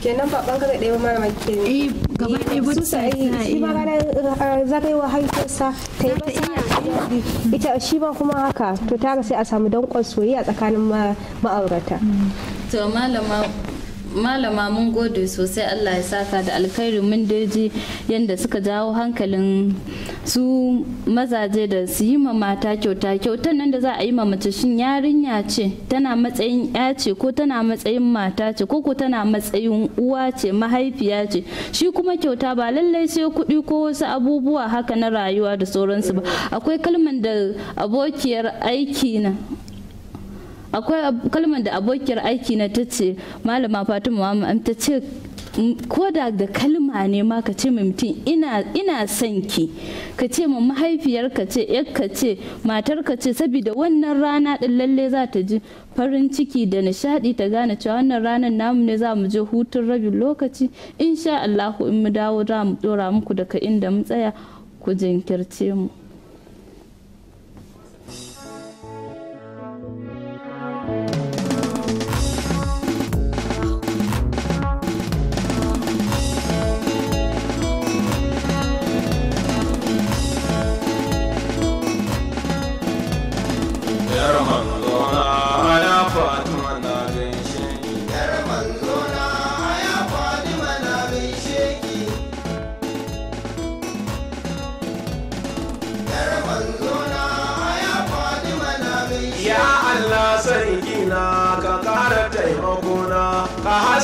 kenan ba bangare ɗaya ba mara mai ke eh gaba ɗaya ba sa shi ma ranar wa haifarsa ta yi ita shi ma kuma haka to ta sai a samu danƙon soyayya tsakanin ma'aurata mm. to malama malama mun gode sosai allah ya saka da alkhairi mun daji yadda suka jawo hankalin su mazaje da su yi ma mata kyauta kyautan nan da za a yi ma mace shin yarinya ce tana matsayin ya ce ko tana matsayin mata ce ko ko tana matsayin uwa ce mahaifiya ce shi kuma kyauta ba lallai sai kuɗi ko wasu abubuwa haka na rayuwa da sauransu ba akwai kalman da abokiyar aiki na akwai kalmar da abokiyar aiki na ta ce malama fatima ma'am ta ce ko da da kalma ne ma ka ce mutum ina son ki ka ce ma mahaifiyar ka ce yar ka ce matar ka ce saboda wannan rana din lalle za ta ji farin ciki da nishadi ta gane cewa wannan ranar namu ne za mu je hutun rabin lokaci insha allahu in mu dawo za mu dora muku daga inda mu tsaya ku jinkirce mu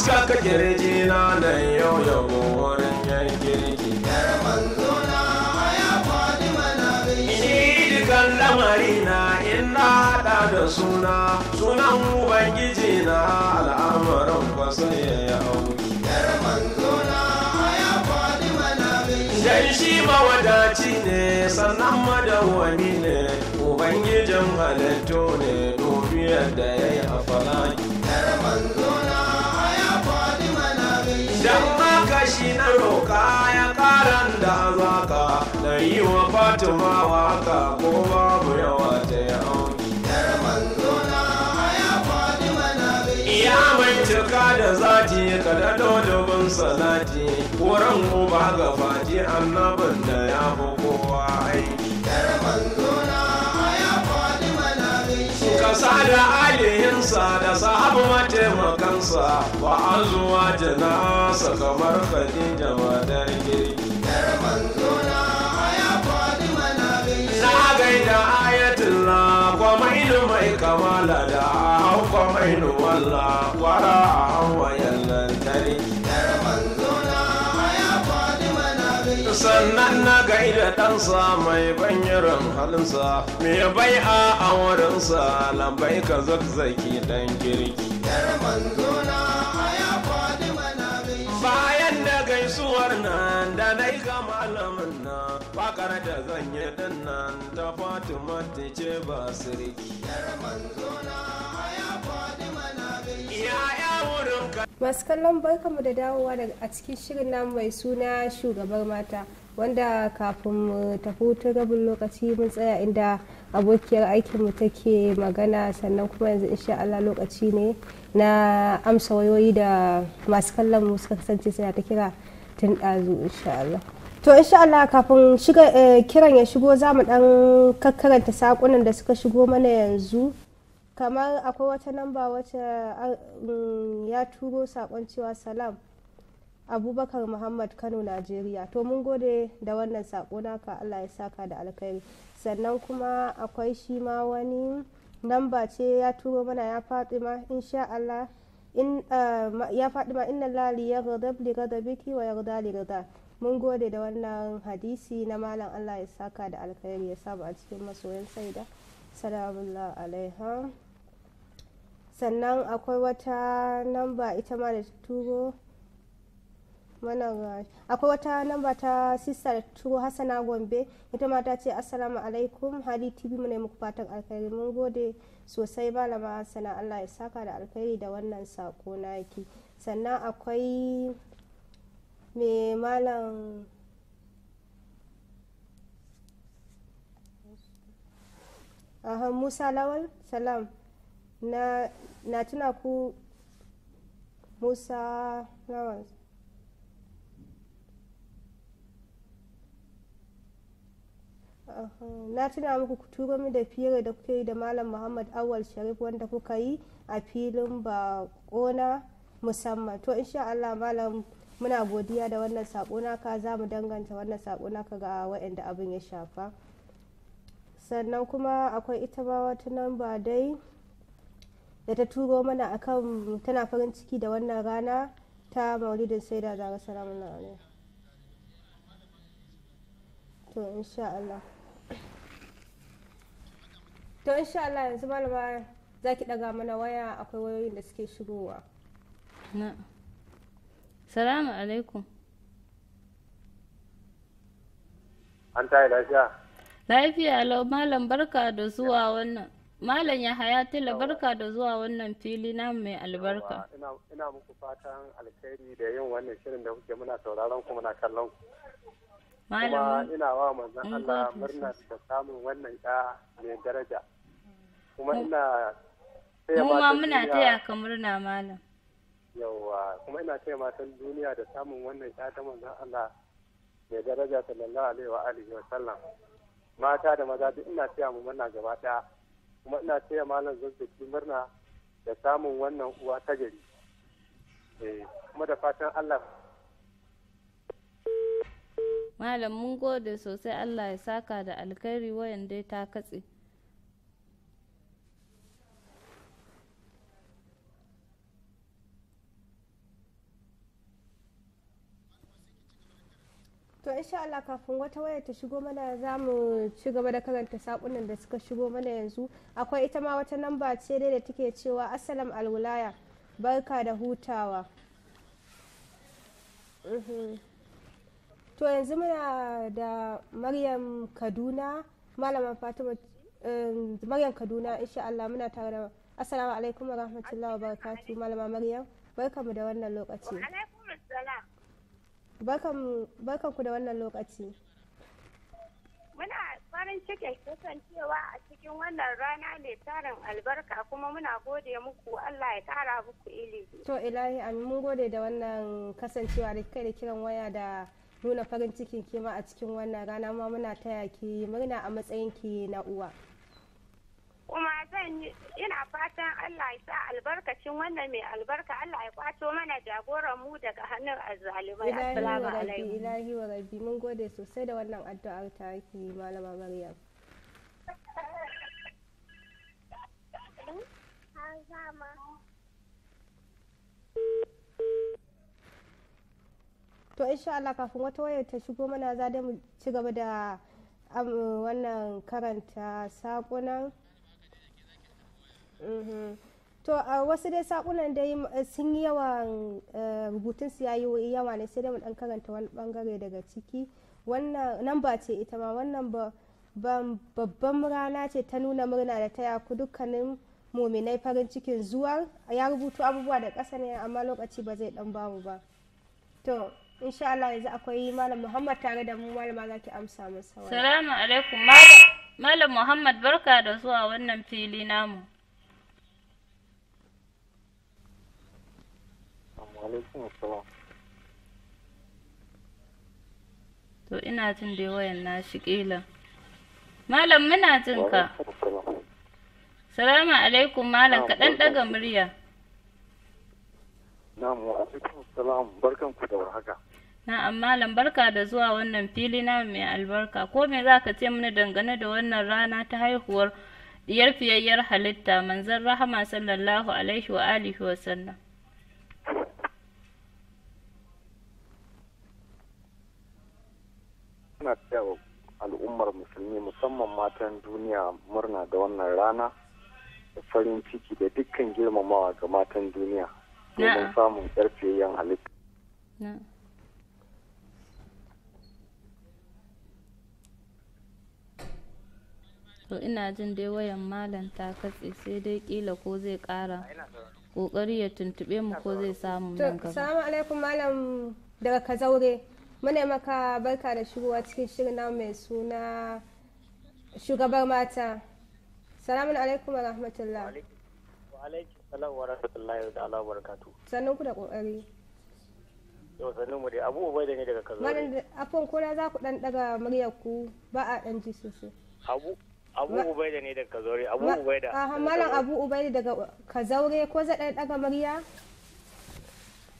ka kirji na nan yau yabo wurin yan kirki yar manzo na ya faɗi mana ni dukan lamari na in na haɗa da suna sunan ubangiji na al'amarin kwasai ya yi auki yar manzo na ya faɗi mana dan shi mawadaci ne sannan madawwami ne ubangijin halittu ne dubiyar da ya yi kaya karan da zaka Na yi wa fatima waka ko babu yawa ta Ya auki Ya mai cika da zati ka da bin salati wurin ba ga fati annabin da ya fi kowa aiki sa da alihinsa da sahabu mataimakansa wa azuwa jinasa kamar khadija wadar girki na gaida ayatin la mai kamala da hau kwamainu walla kwara a hawayen lantarki sannan na gaida ɗansa mai banyarin halinsa mai bai a awarinsa lambai ka zakzaki dan kirki bayan da gaisuwar nan da na ga malamin nan, bakar da zan yi ta fatima ta ce ba sirki yar ya faɗi masu kallon barkamu da dawowa daga a cikin shirin namu mai suna shugabar mata wanda kafin mu tafi rabin lokaci mun tsaya inda abokiyar aikinmu take magana sannan kuma yanzu insha Allah lokaci ne na amsa wayoyi da masu kallon mu suka kasance suna ta kira tun ɗazu insha Allah. to insha Allah kafin eh, kiran ya shigo zamu mu ɗan kakkaranta sakunan da suka shigo mana yanzu kamar akwai wata namba wacce ah, mm, ya turo sakon cewa salam abubakar muhammad kano najeriya to mun gode da wannan sako naka allah ya saka da alkhairi sannan kuma akwai shi ma wani namba ce ya turo mana ya fatima insha allah in ah, faɗi ma inna lali ya liga da biki wa yarda liga da mun gode da wannan hadisi na malam allah ya saka da alkhairi ya saba a cikin masoyan saida salamullah alaiha sannan akwai wata namba ita ma da ta mana akwai wata namba ta sister turo hassana gombe ita ma ta ce assalamu alaikum hali tv mu ne muku fatan alkhairi mun gode sosai malama sana allah ya saka da alkhairi da wannan sako naki sannan akwai mai malam aha musa lawal salam na, na tuna ku musa lawal na tuna muku ku turo mu da fira da kuke yi da malam muhammad awal sharif wanda kuka yi a filin kona musamman to insha allah malam muna godiya da wannan sako naka za mu danganta wannan sako naka ga waɗanda abin ya shafa sannan kuma akwai ita ma wata ba dai da ta turo mana akan tana farin ciki da wannan rana ta maulidin sai da zara to insha Allah to insha Allah yanzu malama za ki daga mana waya akwai wayoyin da suke shigowa na salamu alaikum an tayi lafiya Lafiya lau malam barka da zuwa wannan. Malam haya Tila barka da zuwa wannan fili na mai albarka. Ina muku fatan alkhairi da yin wannan shirin da kuke muna sauraron ku muna kallon ku. Kuma ina wa manzon mm, Allah murna da samun wannan da mai daraja. Kuma mm. ina Mu ma muna taya ka murna malam. yawa kuma ina taya matan duniya da samun wannan ya ta manzon Allah mai daraja sallallahu alaihi wa alihi wa sallam. mata da maza duk ina taya mu murna gaba ɗaya kuma ina taya malam zazzaki murna da samun wannan uwa ta gari eh, kuma da fatan Allah malam mun gode sosai Allah ya saka da alkhairi wayan dai ta katse To insha Allah kafin wata waya ta shigo mana za mu ci gaba da karanta sakunan da suka shigo mana yanzu akwai ita ma wata namba ce dai da take cewa assalam alwulaya barka da hutawa. Mhm. To yanzu muna da Maryam Kaduna malaman Fatima eh, Maryam Kaduna insha Allah muna tare da Assalamu alaikum wa rahmatullahi wa barakatuh malama Maryam barkamu da wannan lokaci. Barkan ku da wannan lokaci. Muna farin ciki kasancewa a cikin wannan rana ne tarin albarka kuma muna gode muku Allah ya kara muku ilimi. To ilahi amin mun gode da wannan kasancewa da kai da kiran waya da nuna farin cikin kima a cikin wannan rana ma muna taya ki murna a matsayin ki na uwa. kuma zan ina fatan Allah ya sa albarkacin wannan mai albarka Allah ya kwato mana jagoran mu daga hannun azzalimai assalamu alaikum ilahi wa rabbi mun gode sosai da wannan addu'ar yake malama Maryam to insha Allah kafin wata wayar ta shigo mana za da mu ci gaba da wannan karanta sakunan Mm-hmm. to a uh, wasu dai sabunan dai eh, sun yi yawan eh, rubutun su yayi yawa ne sai dai mu dan karanta wani bangare daga ciki wannan nan ba ce ita ma wannan ba babban rana ce ta nuna murna da ta yaku dukkanin muminai farin cikin zuwar ya rubutu abubuwa da ƙasa ne amma lokaci ba zai dan bamu ba to insha Allah yanzu akwai malam Muhammad tare da mu malama zaki amsa masa salamu alaikum malam Muhammad barka da zuwa wannan fili namu to ina jin dai wayan shi kila malam muna jin ka salamu alaikum malam ka dan daga murya na'am wa alaikum salam barkan ku da warhaka na'am malam barka da zuwa wannan fili na mai albarka ko me zaka ce mana dangane da wannan rana ta haihuwar diyar fiyayyar halitta manzon rahama sallallahu alaihi wa alihi wa sallam suna taya wa al'ummar musulmi musamman matan duniya murna da wannan rana da farin ciki da dukkan girmamawa ga matan duniya domin samun ƙarfiyayyen halitta. to ina jin dai wayan malam ta katse sai dai kila ko zai ƙara ƙoƙari ya tuntuɓe mu ko zai samu nan gaba. to salamu alaikum malam daga kazaure. muna maka barka da shigowa cikin shirin namu mai suna shugabar mata salamun alaikum wa rahmatullah wa alaikum salam wa rahmatullahi wa ta'ala wa sannan ku da ƙoƙari. yau sannan mu dai abu bai da ne daga kazo madan afon kura za ku ɗan ɗaga muryar ku ba a ɗan ji sosai abu abu ubai da ne daga kazaure abu ubai da malam abu ubai daga kazaure ko zai ɗaya daga murya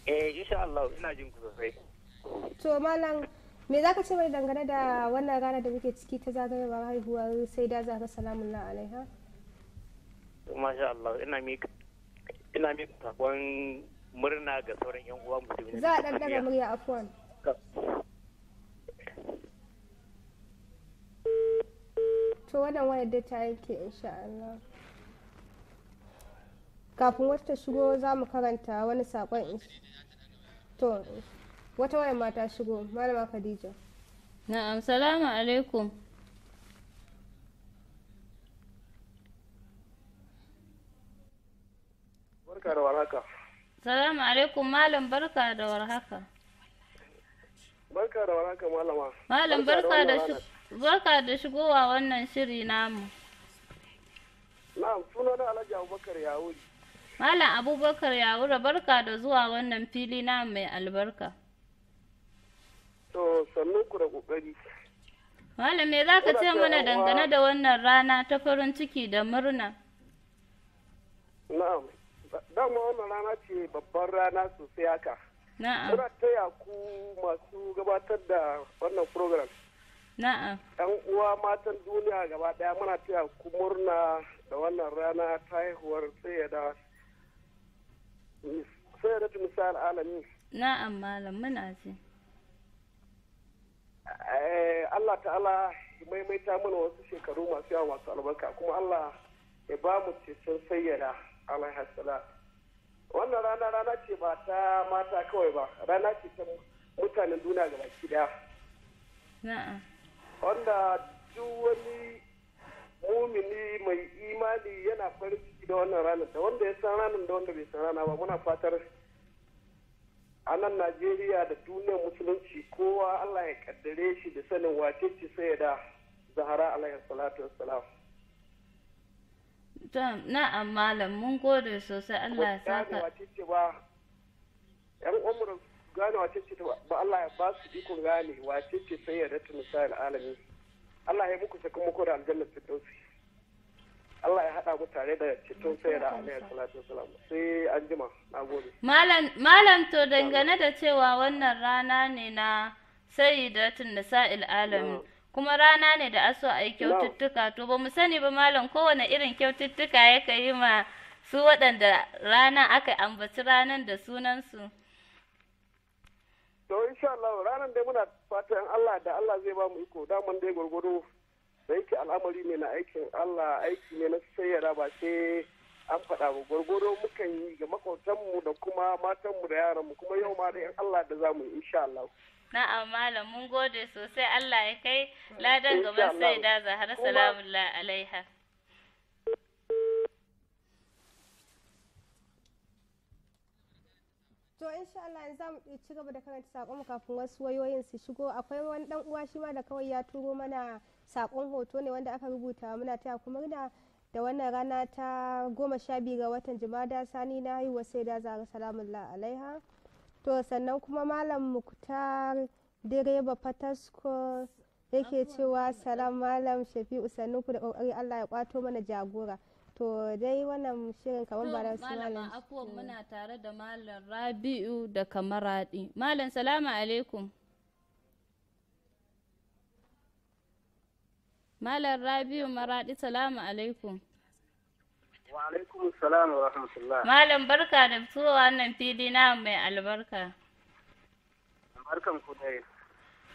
eh insha Allah ina jin ku sosai to malam me za ka ce mai dangane da wannan rana da muke ciki ta zagayowar haihuwar sai da zaga salamun na alaiha masha Allah ina mika ina mika sakon murna ga sauran yan uwa musulmi za a dan daga murya afwan to wannan wayar da ta yanke insha Allah kafin wata shigo za mu karanta wani sakon to wata wayan ma ta shigo malama khadija na'am salamu alaikum barka da warhaka salamu alaikum malam barka da warhaka barka da warhaka malama malam barka da barka da shigowa wannan shiri namu na'am suna da alhaji abubakar yawuri malam abubakar yawura barka da zuwa wannan fili na mai albarka To sannan ku da kokari. Malam me za ka ce mana dangane da wannan rana ta farin ciki da murna? Na'am. Dama wannan rana ce babban rana sosai haka. Na'am. Muna taya ku masu gabatar da wannan program. Na'am. Yan uwa matan duniya gaba daya muna taya ku murna da wannan rana ta haihuwar tsaye da sayar da misal alami. Na'am malam muna ce. Eh, Allah ta'ala maimaita mana wasu shekaru masu yawa masu albarka kuma Allah ya ba mu cikin sayyana alaihi wannan rana rana ce ba ta mata kawai ba rana ce ta mutanen duniya ga baki daya wanda duk wani mumini mai imani yana farin ciki da wannan ranar da wanda ya san ranar da wanda bai san rana ba muna fatar a nan najeriya da duniyar musulunci kowa allah ya kaddare shi da sanin wace ce sai da zahara alayhi salatu wassalam na amala mun gode sosai allah ya saka wace ce ba yan umar gane wace ce ba allah ya ba su ikon gane wace ce sai ya da tunisar alami allah ya muku sakamako da aljannar firdausi Allah ya haɗa mu tare da ceton sayar alayhi salatu wasalam sai an jima na gode. Malam to dangane da cewa wannan rana ne na sayyidatun nisa'il alamin kuma rana ne da aso a yi kyaututtuka to ba mu sani ba malam kowane irin kyaututtuka ya ka yi ma su waɗanda rana aka ambaci ranar da sunansu. To insha Allah ranan dai muna fatan Allah da Allah zai ba mu iko daman dai gwargwado da yake al'amari ne na aikin allah aiki ne na sayyara ba sai an faɗa ba gwargwaro mukan yi ga makwabtanmu da kuma matanmu da yaranmu kuma yau ma da yan allah da zamu yi insha allah na'am malam mun gode sosai allah ya kai ladan gaban sai da zahar salamun alaiha To insha Allah za mu ci gaba da karanta sakon kafin wasu wayoyin su shigo akwai wani dan uwa shi ma da kawai ya turo mana sakon hoto ne wanda aka rubuta muna taya kuma murna da wannan rana ta goma sha biyu ga watan jimada sani na haihuwa sai da zara salamun la'alaiha to sannan kuma malam muktar direba patasko yake cewa salam malam shafi sannu ku da kokari allah ya kwato mana jagora to dai wannan shirin kamar ba da su malam afuwan muna tare da malam rabi'u da kamaradi malam salamu alaikum Malam Rabiu Maradi salamu alaikum. Wa alaikum salam wa rahmatullah. Malam barka da fitowa wannan fili na mai albarka. Barkan ku dai.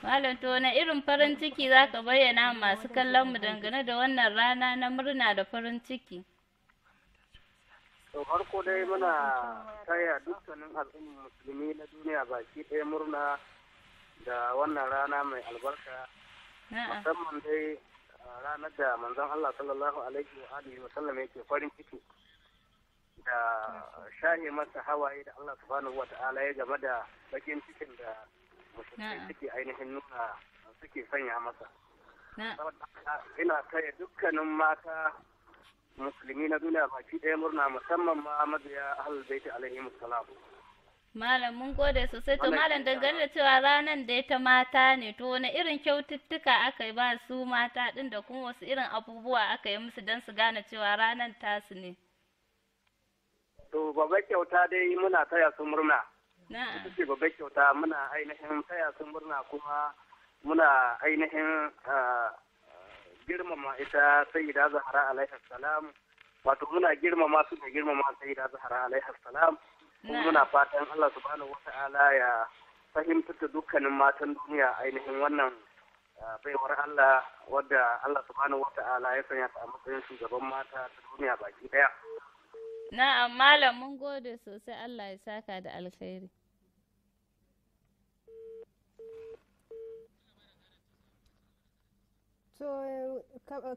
Malam to na irin farin ciki za ka bayyana masu kallon mu dangane da wannan rana na murna da farin ciki. To farko dai muna taya dukkanin al'ummar musulmi na duniya baki ɗaya murna da wannan rana mai albarka. Musamman dai ranar da manzon Allah sallallahu alaihi wa alihi wa sallam yake farin ciki da shahe masa hawaye da Allah subhanahu wa ta'ala ya game da bakin cikin da musulmi suke ainihin nuna suke sanya masa ina kai dukkanin mata musulmi na duniya baki ɗaya murna musamman ma mazaya ahlul baiti alaihi salam Malam mun gode sosai to malam dangane da cewa ranar da ta mata ne to wani irin kyaututtuka aka yi ba su mata din da kuma wasu irin abubuwa aka yi musu don su gane cewa ranar su ne. To babbar kyauta dai muna taya su murna. Ita ce babbar kyauta muna ainihin taya su murna kuma muna ainihin ah, girmama ita sayyida Zahra alaihi salam wato muna girmama su da girmama sayyida Zahra alaihi salam. kuma muna fatan Allah subhanahu wata'ala ya fahimtar da dukkanin matan duniya ainihin wannan ah, baiwar Allah wadda Allah subhanahu wata'ala ya sanya ta a matsayin shugaban mata ta duniya baki daya na'am malam mun gode sosai Allah ya saka da alkhairi to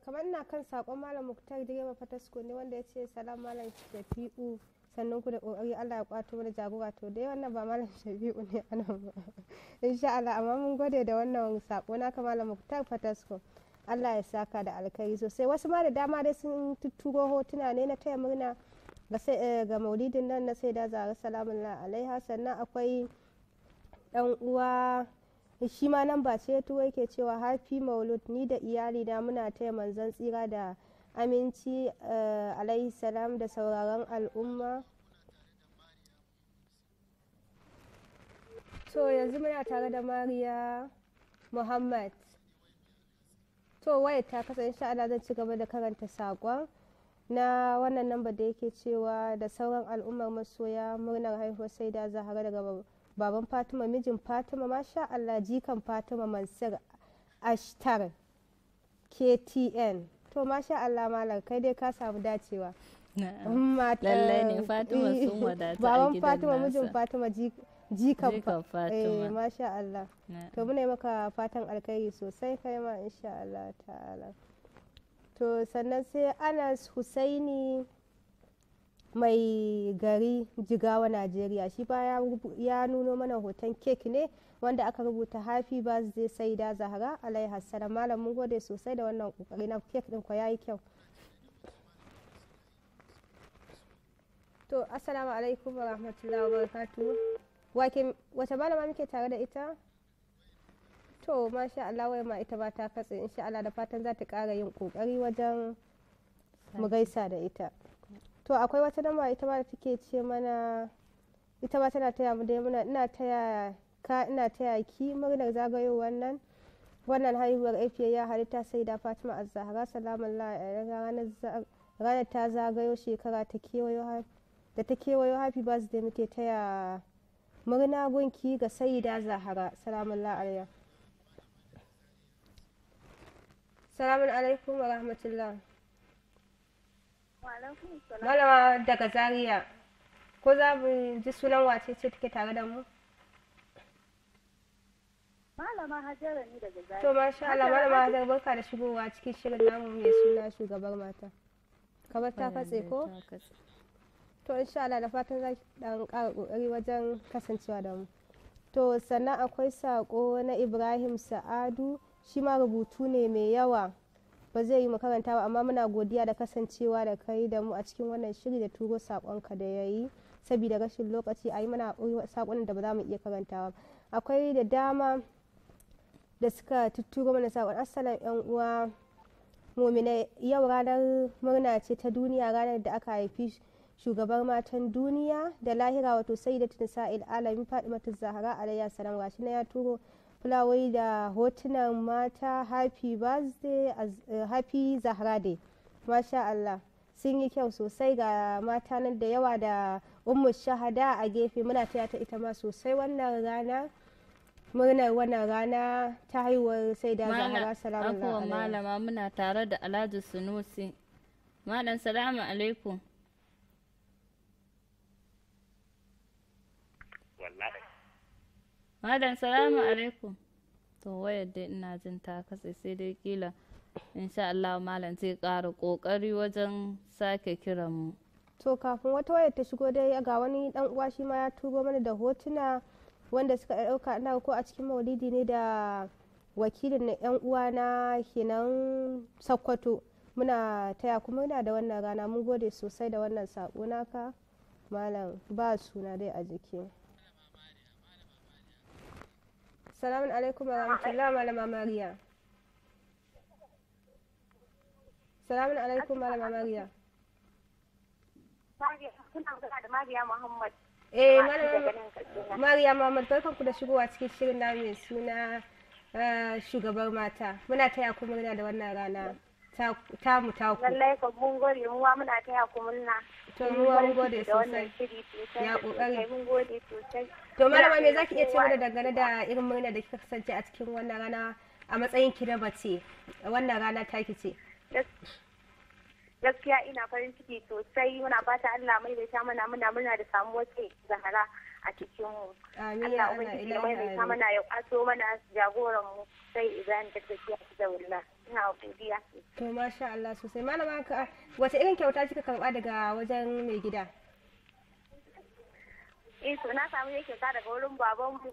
kamar na kan sakon malam muktar direba fatasko ne wanda ya ce salam malam shafi'u sannan ku da ƙoƙari Allah ya kwato mana jagora to dai wannan ba malam shafi'u ne a nan insha Allah amma mun gode da wannan sako na malam Muktar Fatasko Allah ya saka da alkhairi sosai wasu ma da dama dai sun tutturo hotuna ne na taya murna ga eh, maulidin nan na sai da zara salamun alaiha sannan akwai dan uwa shi ma nan ba ce turo yake cewa hafi maulud ni da iyali na muna taya manzan tsira da aminci eh, alaihi salam da sauraron al'umma to yanzu muna tare da mariya muhammad to waye ta kasance ana zan ci gaba da karanta saƙon na wannan namba da yake cewa da sauran al'ummar masoya murnar haihuwar sai da zahara daga baban fatima mijin fatima masha Allah jikan fatima mansur ashtar ktn to masha Allah malam kai dai ka samu dacewa lallai ne fatima sun eh, wadata a gidan fatima mijin fatima jikan fatima eh, masha Allah to muna maka fatan alkhairi sosai kai ma insha Allah ta'ala to sannan sai anas husaini mai gari jigawa najeriya shi ba ya nuno mana hoton kek ne wanda aka rubuta happy birthday sai da zahara alaiha salam malam mun gode sosai da wannan kokari na kek din ku yayi kyau to assalamu alaikum wa rahmatullahi wa barakatuh wake wata malama muke tare da ita to masha Allah wai ma ita ba ta katse insha Allah da fatan za ta kara yin kokari wajen mu gaisa da ita to akwai wata dama ita ba da take ce mana ita ba tana taya mu dai muna ina taya ka ina taya ki murnar zagayo wannan wannan haihuwar afiya ya halitta sai da fatima azzahara salamun ranar ranar ta zagayo shekara da ta kewayo happy birthday muke taya murna gunki ga da zahara salamun la'ariya salamun alaikum wa rahmatullah malama daga zaria ko za mu ji sunan wace ce take tare da mu Malama Hajara ne daga Zaria. To masha Allah malama Hajara barka da shigowa cikin shirin namu mai suna shugabar mata. ta ko? To insha Allah da fatan za ki dan ƙara ƙoƙari wajen kasancewa da mu. To sannan akwai sako na Ibrahim Sa'adu shi ma rubutu ne mai yawa ba zai yi mu karanta ba amma muna godiya da kasancewa da kai da mu a cikin wannan shiri da turo saƙonka da ya yi saboda rashin lokaci a yi mana sakonin da ba za mu iya karantawa akwai da dama da suka tutturo mana saƙon asalin yan uwa mumina yau ranar murna ce ta duniya ranar da aka haifi shugabar matan duniya da lahira wato sayyidatu nisa'il alamin fatimatu zahra alayha salam gashi na ya turo fulawai da hotunan mata happy birthday eh, happy zahra day masha Allah sun yi kyau sosai ga mata nan da yawa da ummu shahada a gefe muna taya ta ita ma sosai wannan rana murnar wannan rana ta haihuwar sai da zahara salamun alaikum malama muna tare da alhaji sunusi malam salamu alaikum malam salamu alaikum to wayar dai ina jin ta katse sai dai kila insha Allah malam zai ƙara ƙoƙari wajen sake kiran mu to kafin wata wayar ta shigo dai ga wani dan uwa shi ma ya tubo mana da hotuna wanda suka ɗauka ina ko a cikin maulidi ne da wakilin na yan uwa na kenan sakkwato muna taya kuma muna da wannan rana mun gode sosai da wannan saƙo naka malam ba suna dai a jiki salamun alaikum wa rahmatullah malama mariya salamun alaikum malama mariya mariya muhammad Eh, Mariya Muhammad barkan ku da shigowa cikin shirin na mai suna eh, shugabar mata. Muna taya ku murna da wannan rana. Ta mu ta ku. Lallai ka mun gode wa muna taya ku murna. To mu wa mun gode sosai. Ya kokari. Mun gode sosai. To malama me zaki iya cewa dangane da irin murna da kika kasance a cikin wannan rana a matsayin ki na bace Wannan rana ki ce. gaskiya ina farin ciki sosai muna fata Allah mai da mana muna muna da samuwar ce zahara a cikin mu Allah ubangiji mai da sha mana ya kwato mana jagoran mu sai idan ta a da wallah ina godiya to masha Allah sosai malama ka wace irin kyauta kika karba daga wajen mai gida eh to na samu ka daga wurin baban mu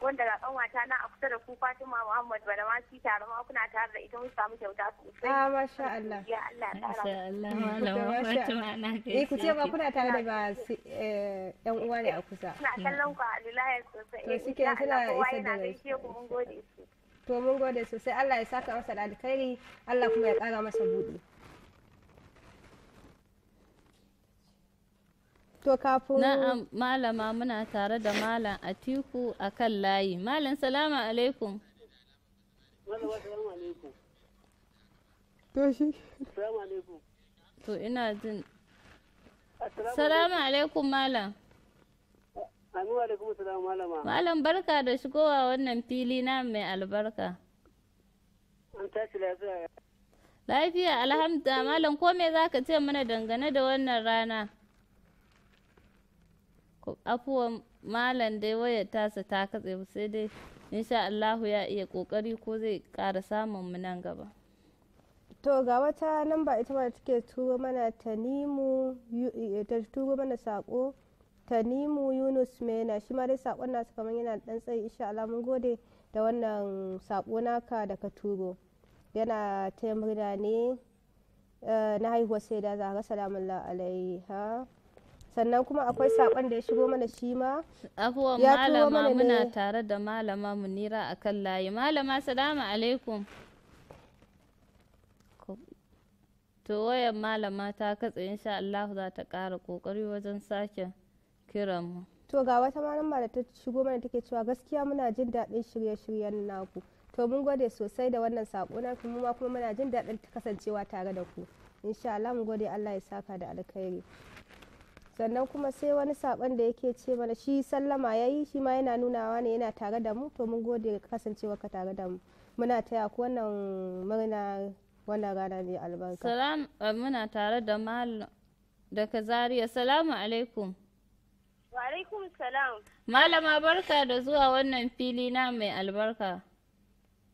wanda ga kanwata na a kusa da ku Fatima Muhammad bana ma ki tare ma kuna tare da ita mun samu kyauta sosai. Ah masha Allah. Ya Allah ya Masha Allah malama Fatima na kai. Eh ku ce ba kuna tare da ba eh, yan uwa ne a kusa. Ina kallon ku a sosai. Eh shike kina isa da gaishe ku mun gode. To mun gode sosai Allah ya saka masa da alkhairi Allah kuma ya kara masa buɗe. To kafin Na'am malama muna tare da malam Atiku a kan layi. Malam salama alaikum. To shi. Salamu alaikum. To ina jin. Salamu alaikum malam. Amin ah, alaikum salamu malama. Malam barka da shigowa wannan fili na mai albarka. An tashi lafiya. Lafiya alhamdulillah malam ko me zaka ce mana dangane da wannan rana? afuwan malam dai wayar tasa ta katse sai dai insha Allahu ya iya kokari ko zai ƙara samun mu nan gaba to ga wata lamba ita ma take turo mana tanimu eh, ta turo mana sako tanimu yunus mena shi ma dai sakon nasu kamar yana dan tsayi insha Allah mun gode da wannan sako naka da ka turo yana ta murna ne eh, na haihuwa sai da zahra salamun alaiha sannan kuma akwai saƙon da ya shigo mana shi ma abuwa malama muna tare da malama munira a kan layi malama salamu alaikum to wayan malama ta katse insha Allah za ta ƙara ƙoƙari wajen sake kiran mu to ga wata malama da ta shigo mana take cewa gaskiya muna jin daɗin shirye-shiryen naku to mun gode sosai da wannan saƙo na kuma kuma muna jin daɗin kasancewa tare da ku insha Allah mun gode Allah ya saka da alkhairi sannan kuma sai wani saban da yake ce mana shi sallama ya yi shi ma yana nunawa ne yana tare da mu to mun gode kasancewarka tare da mu muna taya ku wannan murna wannan rana ne albarka salam eh, muna tare da malam daga zaria salamu alaikum wa alaikum salam malama barka da zuwa wannan fili na mai albarka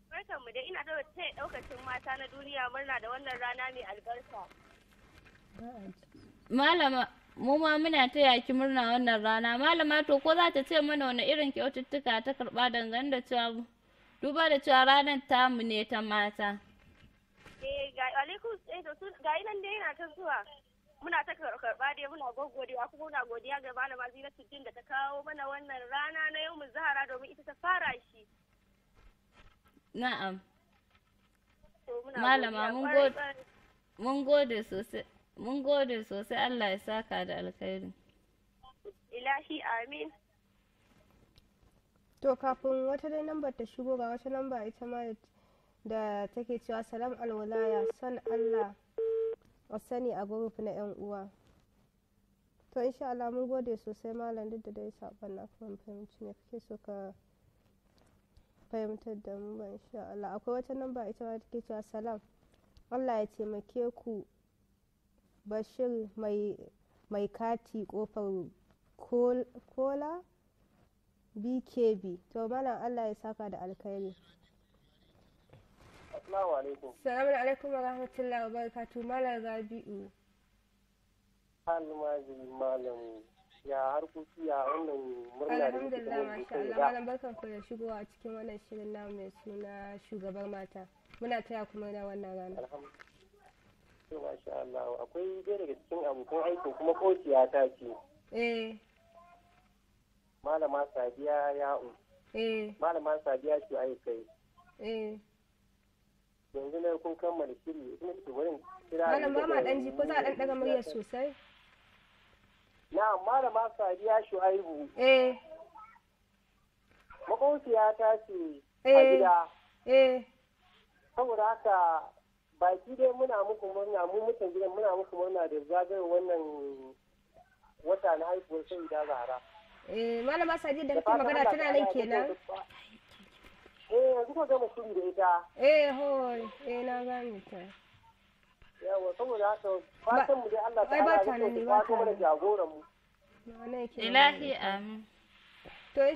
barkan mu da ina da wace daukacin mata na duniya murna da wannan rana mai albarka malama mu ma muna taya ki murna wannan rana malama to ko za ta ce mana wani irin kyaututtuka ta karba dangane da cewa duba da cewa ranar ta mu ne ta mata eh ga alaikum eh to ga dai yana ta zuwa muna ta karba dai muna gogodewa kuma muna godiya ga malama cikin da ta kawo mana wannan rana na yau mu zahara domin ita ta fara shi na'am malama mun gode sosai Mun gode sosai Allah ya saka da alkhairi. Ilahi amin. To kafin wata dai lambar ta shigo ga wata lamba ita ma da take cewa salam alwalaya son Allah a sani a group na yan uwa. To insha Allah mun gode sosai malam duk da dai sabon na kuma fahimci ne kake so ka fahimtar da mu ba insha Allah akwai wata lamba ita ma take cewa salam Allah ya taimake ku bashir mai kati kofar kola bkb to malam allah ya saka da alkhairi Assalamu alaikum. Salamu alaikum wa rahmatullahi wa barakatu Malam Rabi'u. Almajin malam ya harkoki ya wannan murna da yake da masha Allah malam barkan ku da shigowa a cikin wannan shirin namu mai suna shugabar mata. Muna taya kuma na wannan rana. akwai daga cikin abokan kuma ce. Eh. Malama Sadiya Ya'u. Eh. Malama Sadiya ce aikai. Eh. Yanzu kun kammala shiri ina ke wurin kira. Malama ma ɗan ko za a ɗan ɗaga murya sosai. Na malama Sadiya Shu'aibu. Eh. ta ce a gida. Eh. Saboda haka baki dai muna muku murna mu mutan gidan muna muku murna da zagar wannan wata na haihuwar sai da zara eh malama sadi da kuma magana tana nan kenan eh yanzu ka gama shiri da ita eh ho eh na gane ta yawa saboda haka fatan mu dai Allah ta ala ne kuma da jagoran mu ilahi amin to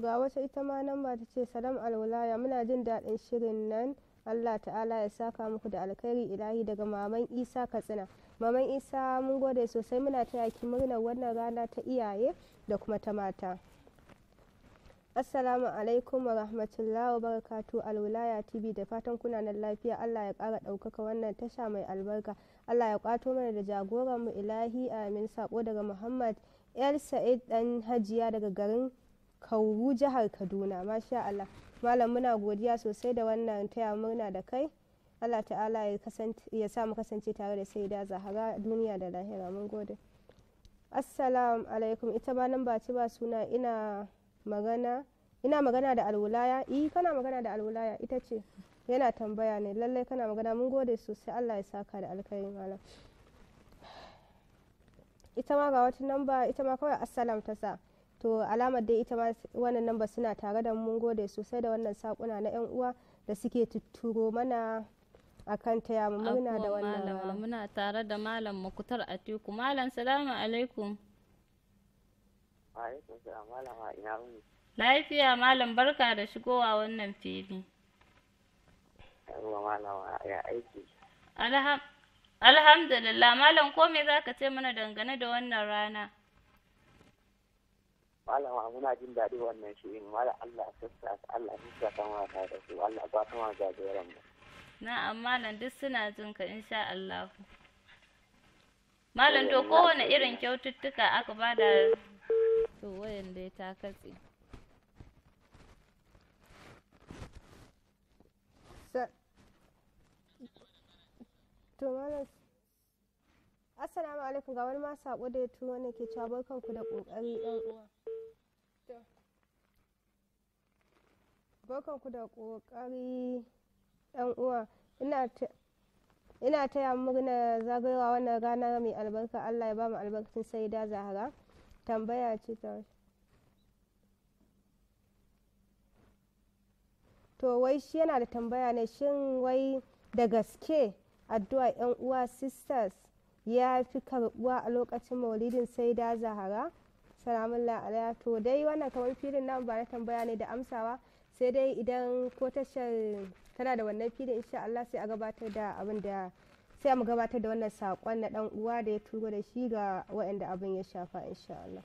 ga wata ita ma nan ba ta ce salam alwalaya muna jin daɗin shirin nan Allah ta'ala ya saka muku da alkhairi ilahi daga maman Isa Katsina maman Isa mun gode sosai muna ta yaki murnar wannan rana ta iyaye da kuma ta mata Assalamu alaikum wa rahmatullahi wa barakatu alwilaya TV da fatan kuna nan lafiya Allah ya kara ɗaukaka wannan tasha mai albarka Allah ya kwato mana da jagoran mu ilahi amin sako daga Muhammad El Sa'id dan Hajiya daga garin Kauru jihar Kaduna masha Allah malam muna godiya sosai da wannan taya murna da kai Allah ta'ala ya sa mu kasance tare da sai da zahara duniya da lahira mun gode assalamu alaikum ita ba nan ba ci ba suna ina magana ina magana da alwulaya i eh, kana magana da alwulaya ita ce yana tambaya ne lallai kana magana mun gode sosai allah ya saka da alkhairi malam ita ma ga wata namba ita ma kawai assalam ta sa to alamar dai ita ma wannan namba suna tare da mun gode sosai da wannan sakuna na yan uwa da suke tutturo mana a kan ta mu muna da wannan muna tare da malam mukutar atiku malam salamu alaikum Lafiya malam barka da shigowa wannan fili. Alhamdulillah malam ko me za ka ce mana dangane da wannan rana? Malama muna jin daɗi wannan shirin malam Allah sassa Allah sassa ta mata da su Allah ba ta mata da mu. Na'am malam duk suna jin ka insha Allah. Malam to eh, kowane irin kyaututtuka aka bada to wayan dai ta katse to malam assalamu alaikum ga wani ma sako da ya tuno ne ke cewa barkan ku da kokari yan uwa barkan ku da kokari yan uwa ina ta ina taya murna zagayowa wannan rana mai albarka allah ya ba mu albarkacin sai da zahara tambaya ce ta to wai shi yana da tambaya ne shin wai da gaske addu'a yan uwa sisters ya fi karɓuwa a lokacin maulidin sai da zahara salamun la'ala to dai wannan kamar filin nan ba na tambaya ne da amsawa sai dai idan ko tashar tana da wannan filin insha Allah sai a gabatar da abin da sai mu gabatar da wannan saƙon na ɗan uwa da ya turo da shi ga waɗanda abin ya shafa insha Allah.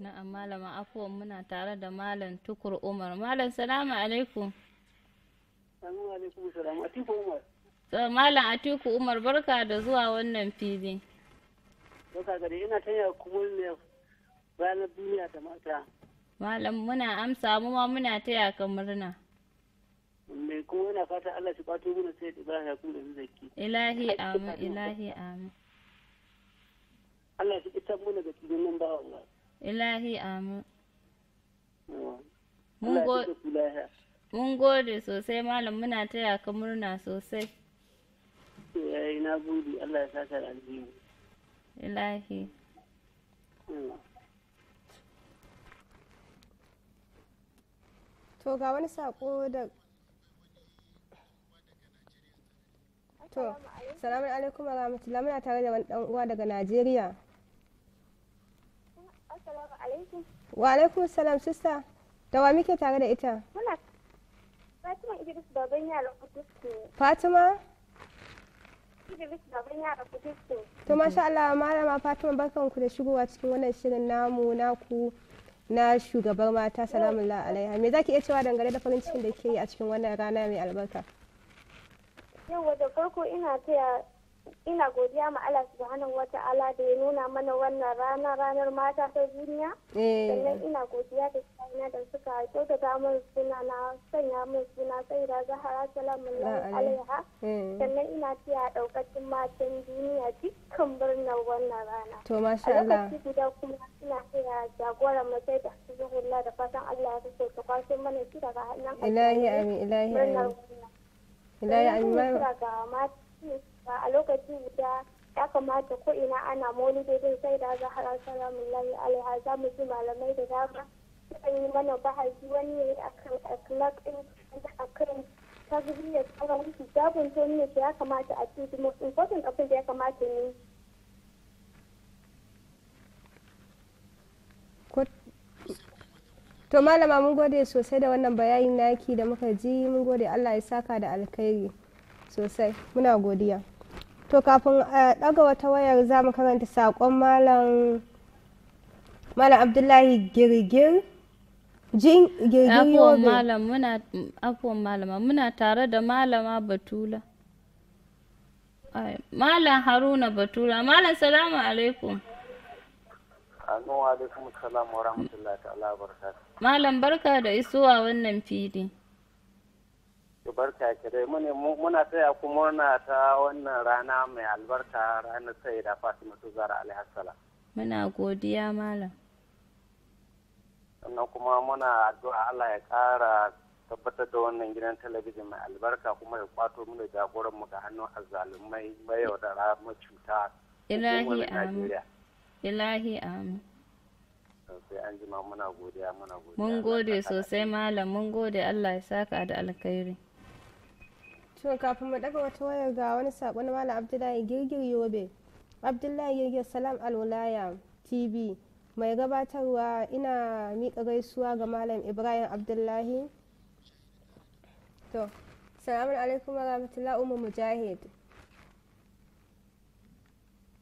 na'am malama afuwan muna tare da malam tukur umar malam salamu alaikum salamu alaikum salamu atiku umar so, malam atiku umar barka da zuwa wannan fili barka gari ina tanya kuma ne ranar duniya da mata malam muna amsa mu ma muna taya ka murna mai kuma yana fata Allah shi kwato mana sai da Ibrahim Yakubu da Zaki ilahi amin ilahi amin Allah shi kitan mu daga cikin nan ba Allah ilahi amin mun gode sosai malam muna taya ka murna sosai yayi na gode Allah ya saka da alheri ilahi To ga wani sako da To, salamun alaikum wa rahmatullah muna tare da wani dan uwa daga Najeriya. Assalamu alaikum. Wa alaikum salam sista. Da wa muke tare da ita? Muna Fatima Idris baban yara Kutustu. Fatima? Idris baban yara Kutustu. To masha Allah malama Fatima barkanku da shigowa cikin wannan shirin namu naku na shugabar mata salamun la Me za ki iya cewa dangane da farin cikin da ke yi a cikin wannan rana mai albarka? Yau da farko ina taya ina godiya ma Allah subhanahu wa ta'ala da ya nuna mana wannan rana ranar mata ta duniya eh. sannan ina godiya da kaina da suka kyautata min suna na sanya min suna sai da zahara salamu alaiha eh. sannan ina taya daukacin matan duniya dukkan birnin wannan rana to masha Allah a lokaci guda kuma ina tiya jagoran mace da zuhulla da fatan Allah ya kace ka kwashe mana shi daga hannun ilahi amin ilahi amin idan ya yi a lokacin guda ya kamata ko ina ana daidai sai da har salamu lahi alaiha za mu ji malamai da dama sukan yi mana bahasi wani ne kan akhlaq din akan tarbiyya sauran hijabun to ne ya kamata a in kwatin kafin da ya kamata ne to malama mun gode sosai da wannan bayanin naki da muka ji mun gode allah ya saka da alkhairi sosai muna godiya to kafin a eh, ɗaga wata wayar za mu karanta saƙon malam malam abdullahi girgir jin girgir yobe malama muna tare da malama batula malam haruna batula malam salamu alaikum alaikum salam wa rahmatullahi ta'ala barakatuh Malam barka da isuwa wannan fili. Barka ke dai muna taya kuma murna ta wannan rana mai albarka ranar sai da Fatimatu Zara alaihassala. Muna godiya malam. Sannan kuma muna addu'a Allah ya ƙara tabbatar da wannan gidan talabijin mai albarka kuma ya kwato mu da ga hannun azzalumai mai yaudara macuta. Ilahi amin. Ilahi amin. mun gode sosai malam mun gode Allah ya saka da alkhairi to kafin mu daga wata wayar ga wani sako na malam Abdullahi Girgir Yobe Abdullahi Girgir Salam alwulaya TV mai gabatarwa ina miƙa gaisuwa ga malam Ibrahim Abdullahi to salamu alaikum wa rahmatullahi umar mujahid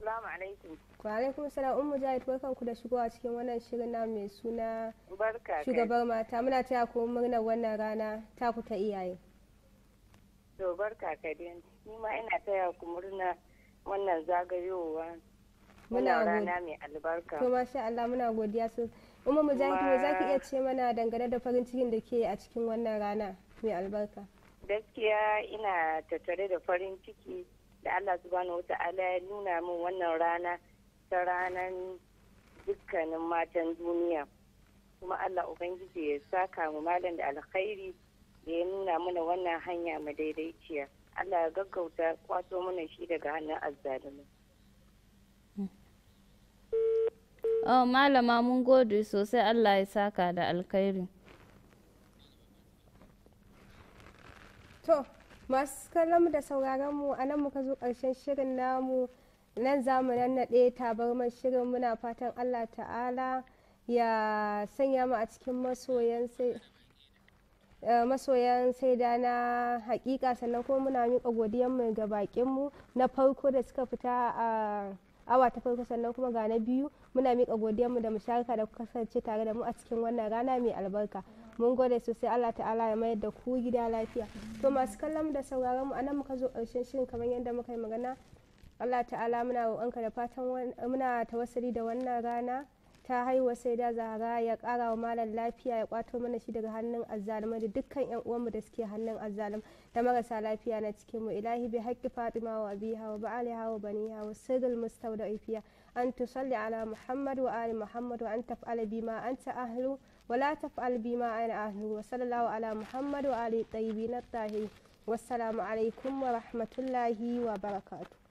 salamu alaikum wa alaikum salam ummu jahid barkanku da shigowa cikin wannan shirin na mai suna shugabar mata muna taya ku murnar wannan rana ta ku ta iyaye to barka ka ni ma ina taya ku murna wannan zagayowa muna rana mai albarka to masha Allah muna godiya su umma mujahid me ki iya ce mana dangane da farin cikin da ke a cikin wannan rana mai albarka gaskiya ina tattare da farin ciki da Allah subhanahu wata'ala ya nuna min wannan rana ta ranar dukkanin matan duniya kuma allah ubangiji ya saka mu malam da alkhairi da ya nuna mana wannan hanya madaidaiciya allah ya gaggauta kwato mana shi daga hannun azzalumi Oh, malama mun gode sosai Allah ya saka da alkhairi. To, masu kallon da sauraron mu a nan muka zo ƙarshen shirin namu nan za mu ta tabarmar shirin muna fatan allah ta'ala ya sanya mu a cikin masoyan sai eh, da na hakika sannan kuma muna miƙa godiyan mu ga mu na farko da suka fita a awa ta farko sannan kuma ga na biyu muna miƙa godiyan mu da musharaka da kasance tare da mu a cikin wannan rana mai albarka mun gode sosai Allah ta'ala ya mayar da ku gida lafiya to masu kallon da sauraron mu anan muka zo ƙarshen shirin kamar yadda muka yi magana Allah ta'ala muna roƙonka da fatan muna tawassuli da wannan rana ta haihuwa sai da zahara ya ƙara wa malam lafiya ya kwato mana shi daga hannun azzalumai da dukkan yan uwanmu da suke hannun azzalum da marasa lafiya na cikin mu ilahi bi haqqi fatima wa abiha wa ba'aliha wa baniha wa sirrul mustawda'ifiya an tusalli ala muhammad wa ali muhammad wa an taf'ala bima anta ahlu wa la taf'al bima ana ahlu wa sallallahu ala muhammad wa ali tayyibin at-tahirin wassalamu alaikum wa rahmatullahi wa barakatuh